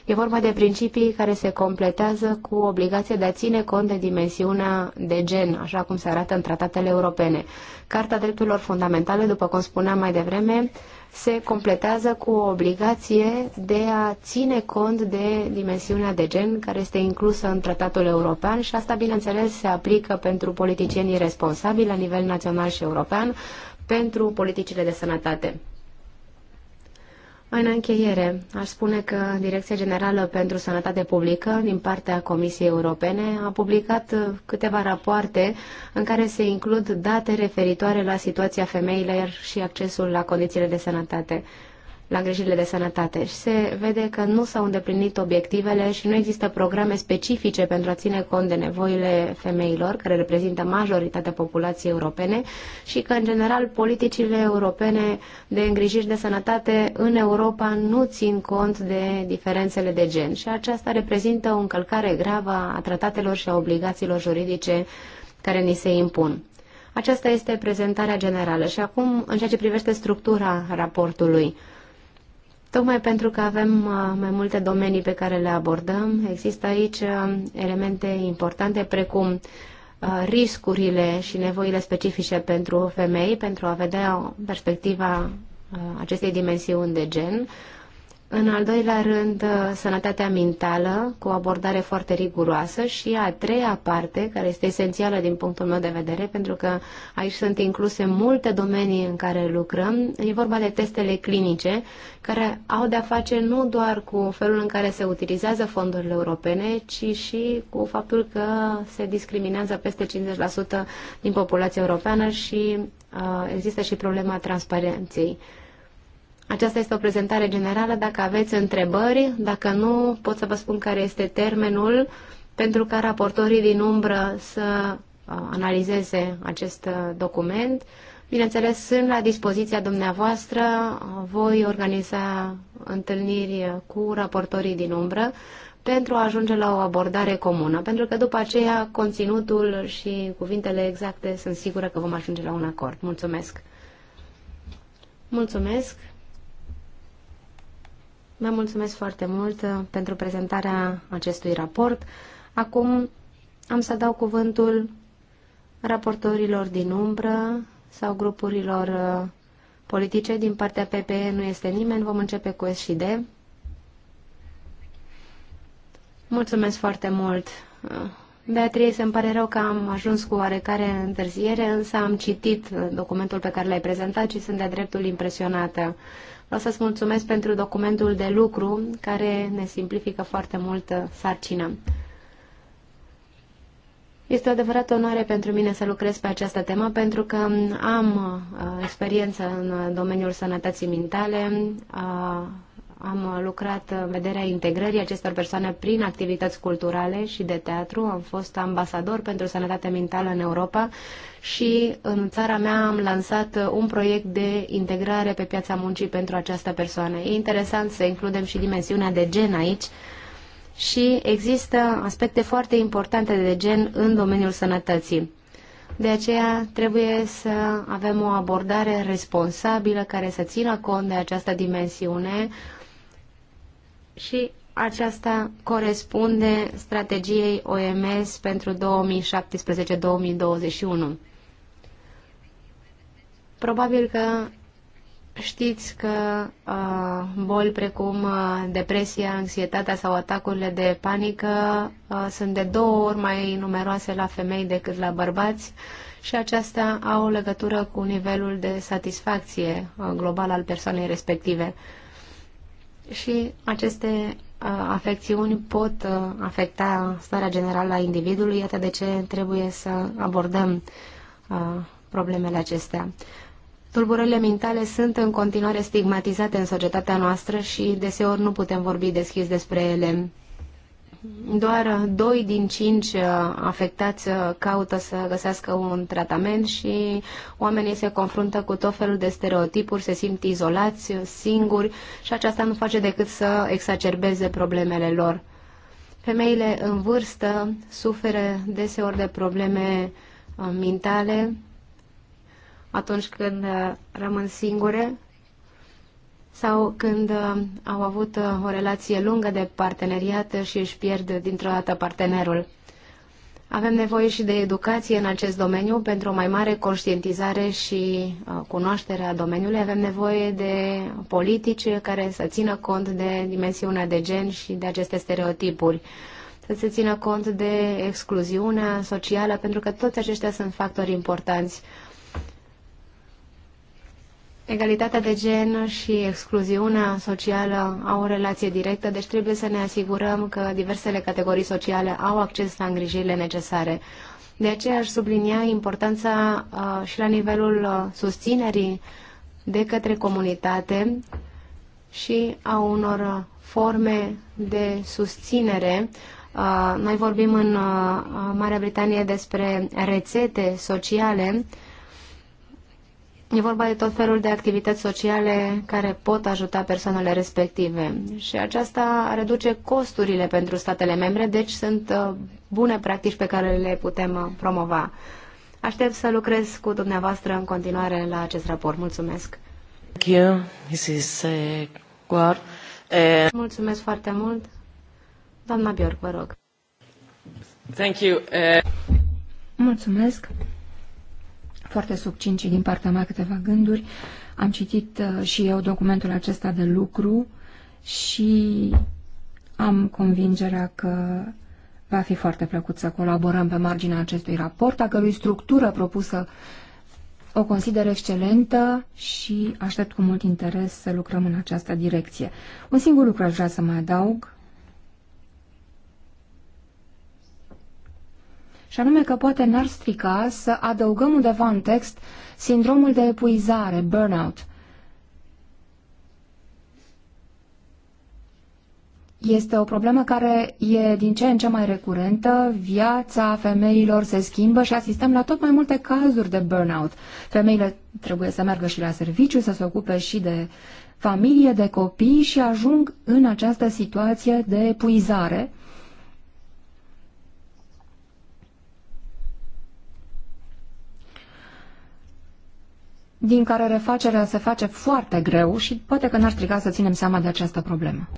E vorba de principii care se completează cu obligația de a ține cont de dimensiunea de gen, așa cum se arată în tratatele europene. Carta drepturilor fundamentale, după cum spuneam mai devreme, se completează cu o obligație de a ține cont de dimensiunea de gen care este inclusă în tratatul european și asta, bineînțeles, se aplică pentru politicienii responsabili la nivel național și european pentru politicile de sănătate. În încheiere, aș spune că Direcția Generală pentru Sănătate Publică din partea Comisiei Europene a publicat uh, câteva rapoarte în care se includ date referitoare la situația femeilor și accesul la condițiile de sănătate la îngrijirile de sănătate și se vede că nu s-au îndeplinit obiectivele și nu există programe specifice pentru a ține cont de nevoile femeilor, care reprezintă majoritatea populației europene și că, în general, politicile europene de îngrijiri de sănătate în Europa nu țin cont de diferențele de gen și aceasta reprezintă o încălcare gravă a tratatelor și a obligațiilor juridice care ni se impun. Aceasta este prezentarea generală și acum în ceea ce privește structura raportului. Tocmai pentru că avem uh, mai multe domenii pe care le abordăm, există aici uh, elemente importante precum uh, riscurile și nevoile specifice pentru femei pentru a vedea perspectiva acestei dimensiuni de gen, în al doilea rând, uh, sănătatea mentală, cu o abordare foarte riguroasă și a treia parte, care este esențială din punctul meu de vedere, pentru că aici sunt incluse multe domenii în care lucrăm, e vorba de testele clinice, care au de-a face nu doar cu felul în care se utilizează fondurile europene, ci și cu faptul că se discriminează peste 50% din populația europeană și uh, există și problema transparenței. Aceasta este o prezentare generală. Dacă aveți întrebări, dacă nu, pot să vă spun care este termenul pentru ca raportorii din umbră să uh, analizeze acest uh, document. Bineînțeles, sunt la dispoziția dumneavoastră. Voi organiza întâlniri cu raportorii din umbră pentru a ajunge la o abordare comună, pentru că după aceea conținutul și cuvintele exacte sunt sigură că vom ajunge la un acord. Mulțumesc! Mulțumesc! Mă mulțumesc foarte mult uh, pentru prezentarea acestui raport. Acum am să dau cuvântul raportorilor din umbră sau grupurilor uh, politice. Din partea PPE nu este nimeni. Vom începe cu S și D. Mulțumesc foarte mult. Uh, Beatrice, îmi pare rău că am ajuns cu oarecare întârziere, însă am citit documentul pe care l-ai prezentat și sunt de dreptul impresionată. Vreau să-ți mulțumesc pentru documentul de lucru care ne simplifică foarte mult uh, sarcina. Este o adevărată onoare pentru mine să lucrez pe această temă pentru că am uh, experiență în uh, domeniul sănătății mintale. Am uh, lucrat în vederea integrării acestor persoane prin activități culturale și de teatru. Am fost ambasador pentru sănătatea mentală în Europa și în țara mea am lansat uh, un proiect de integrare pe piața muncii pentru această persoană. E interesant să includem și dimensiunea de gen aici și există aspecte foarte importante de gen în domeniul sănătății. De aceea trebuie să avem o abordare responsabilă care să țină cont de această dimensiune și aceasta corespunde strategiei OMS pentru 2017-2021. Probabil că știți că uh, boli precum uh, depresia, anxietatea sau atacurile de panică uh, sunt de două ori mai numeroase la femei decât la bărbați și acestea au legătură cu nivelul de satisfacție uh, global al persoanei respective. Uh, și aceste uh, afecțiuni pot uh, afecta starea generală a individului, iată de ce trebuie să abordăm uh, problemele acestea. Tulburările mentale sunt în continuare stigmatizate în societatea noastră și deseori nu putem vorbi deschis despre ele doar doi din cinci uh, afectați uh, caută să găsească un tratament și oamenii se confruntă cu tot felul de stereotipuri, se simt izolați, singuri și aceasta nu face decât să exacerbeze problemele lor. Femeile în vârstă suferă deseori de probleme uh, mentale atunci când rămân singure sau când uh, au avut uh, o relație lungă de parteneriat și își pierd dintr-o dată partenerul. Avem nevoie și de educație în acest domeniu pentru o mai mare conștientizare și uh, cunoaștere a domeniului. Avem nevoie de politici care să țină cont de dimensiunea de gen și de aceste stereotipuri să se țină cont de excluziunea socială, pentru că toți aceștia sunt factori importanți Egalitatea de gen și excluziunea socială au o relație directă, deci trebuie să ne asigurăm că diversele categorii sociale au acces la îngrijirile necesare. De aceea aș sublinia importanța uh, și la nivelul uh, susținerii de către comunitate și a unor uh, forme de susținere. Uh, noi vorbim în uh, Marea Britanie despre rețete sociale uh, E vorba de tot felul de activități sociale care pot ajuta persoanele respective și aceasta reduce costurile pentru statele membre, deci sunt uh, bune practici pe care le putem uh, promova. Aștept să lucrez cu dumneavoastră în continuare la acest raport. Mulțumesc! Thank you, Mrs. Mulțumesc foarte mult. Doamna Bjork, vă rog. Thank you. Uh, Mulțumesc foarte subțint și din partea mea câteva gânduri. Am citit uh, și eu documentul acesta de lucru și am convingerea că va fi foarte plăcut să colaborăm pe marginea acestui raport, a cărui structură propusă o consider excelentă și aștept cu mult interes să lucrăm în această direcție. Un singur lucru aș vrea să mai adaug, și anume că poate n-ar strica să adăugăm undeva în text sindromul de epuizare, burnout. Este o problemă care e din ce în ce mai recurentă, viața femeilor se schimbă și asistăm la tot mai multe cazuri de burnout. Femeile trebuie să meargă și la serviciu, să se ocupe și de familie, de copii și ajung în această situație de epuizare, din care refacerea se face foarte greu și poate că n-ar striga să ținem seama de această problemă.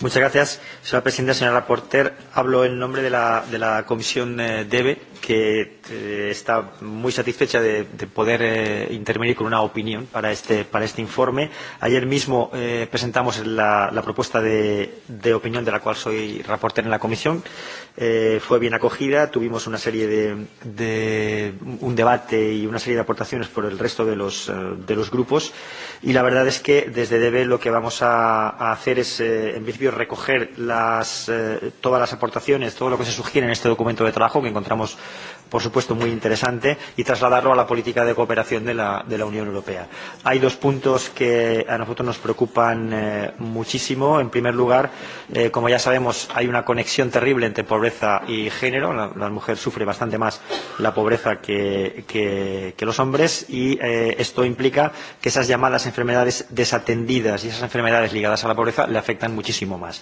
Muchas gracias, señora presidenta, señora reporter. Hablo en nombre de la, de la Comisión eh, DEBE, que eh, está muy satisfecha de, de poder eh, intervenir con una opinión para este, para este informe. Ayer mismo eh, presentamos la, la propuesta de, de opinión de la cual soy reporter en la Comisión eh, fue bien acogida. Tuvimos una serie de, de un debate y una serie de aportaciones por el resto de los, eh, de los grupos y la verdad es que desde DB lo que vamos a, a hacer es eh, en principio recoger las, eh, todas las aportaciones, todo lo que se sugiere en este documento de trabajo que encontramos por supuesto, muy interesante y trasladarlo a la política de cooperación de la, de la Unión Europea. Hay dos puntos que a nosotros nos preocupan eh, muchísimo. En primer lugar, eh, como ya sabemos, hay una conexión terrible entre pobreza y género. La, la mujer sufre bastante más la pobreza que, que, que los hombres y eh, esto implica que esas llamadas enfermedades desatendidas y esas enfermedades ligadas a la pobreza le afectan muchísimo más.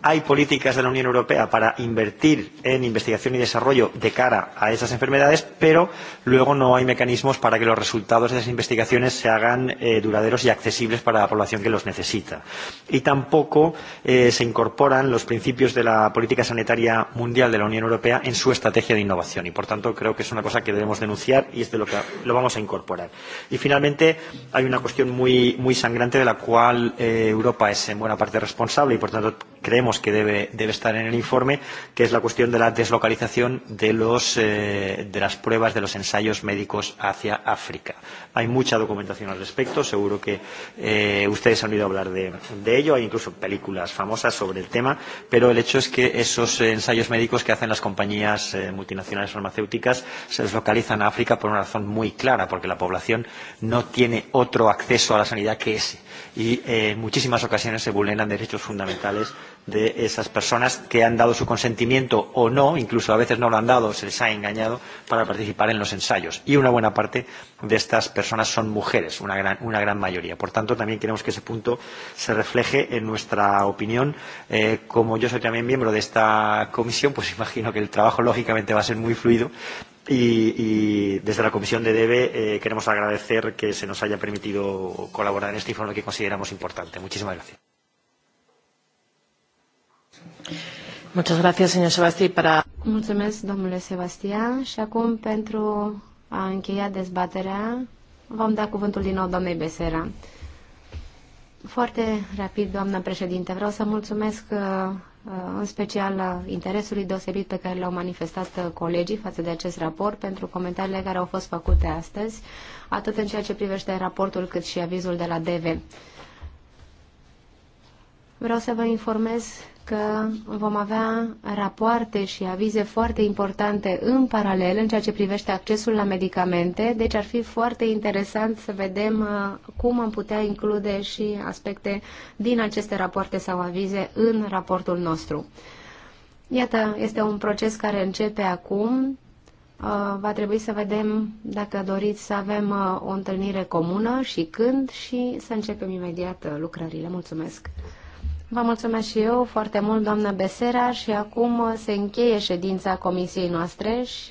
Hay políticas de la Unión Europea para invertir en investigación y desarrollo de cara a esas estas enfermedades, pero luego no hay mecanismos para que los resultados de esas investigaciones se hagan eh, duraderos y accesibles para la población que los necesita. Y tampoco eh, se incorporan los principios de la política sanitaria mundial de la Unión Europea en su estrategia de innovación. Y, por tanto, creo que es una cosa que debemos denunciar y es de lo que lo vamos a incorporar. Y, finalmente, hay una cuestión muy, muy sangrante de la cual eh, Europa es en buena parte responsable y, por tanto, creemos que debe, debe estar en el informe, que es la cuestión de la deslocalización de los eh, de, las pruebas de los ensayos médicos hacia África. Hay mucha documentación al respecto, seguro que eh, ustedes han oído hablar de, de ello, hay incluso películas famosas sobre el tema, pero el hecho es que esos ensayos médicos que hacen las compañías eh, multinacionales farmacéuticas se deslocalizan a África por una razón muy clara, porque la población no tiene otro acceso a la sanidad que ese. Y eh, en muchísimas ocasiones se vulneran derechos fundamentales de esas personas que han dado su consentimiento o no, incluso a veces no lo han dado, se les ha engañado para participar en los ensayos. Y una buena parte de estas personas son mujeres, una gran, una gran mayoría. Por tanto, también queremos que ese punto se refleje en nuestra opinión. Eh, como yo soy también miembro de esta comisión, pues imagino que el trabajo lógicamente va a ser muy fluido Y, y desde la Comisión de DEBE eh, queremos agradecer que se nos haya permitido colaborar en este informe que consideramos importante. Muchísimas gracias. Mulțumesc, domnule Sebastian. Și acum, pentru a încheia dezbaterea, vom da cuvântul din nou doamnei Besera. Foarte rapid, doamna președinte, vreau să mulțumesc uh, uh, în special interesului deosebit pe care l-au manifestat uh, colegii față de acest raport pentru comentariile care au fost făcute astăzi, atât în ceea ce privește raportul cât și avizul de la DV. Vreau să vă informez că vom avea rapoarte și avize foarte importante în paralel în ceea ce privește accesul la medicamente, deci ar fi foarte interesant să vedem uh, cum am putea include și aspecte din aceste rapoarte sau avize în raportul nostru. Iată, este un proces care începe acum. Uh, va trebui să vedem dacă doriți să avem uh, o întâlnire comună și când și să începem imediat lucrările. Mulțumesc! Vă mulțumesc și eu foarte mult, doamna Besera, și acum se încheie ședința comisiei noastre și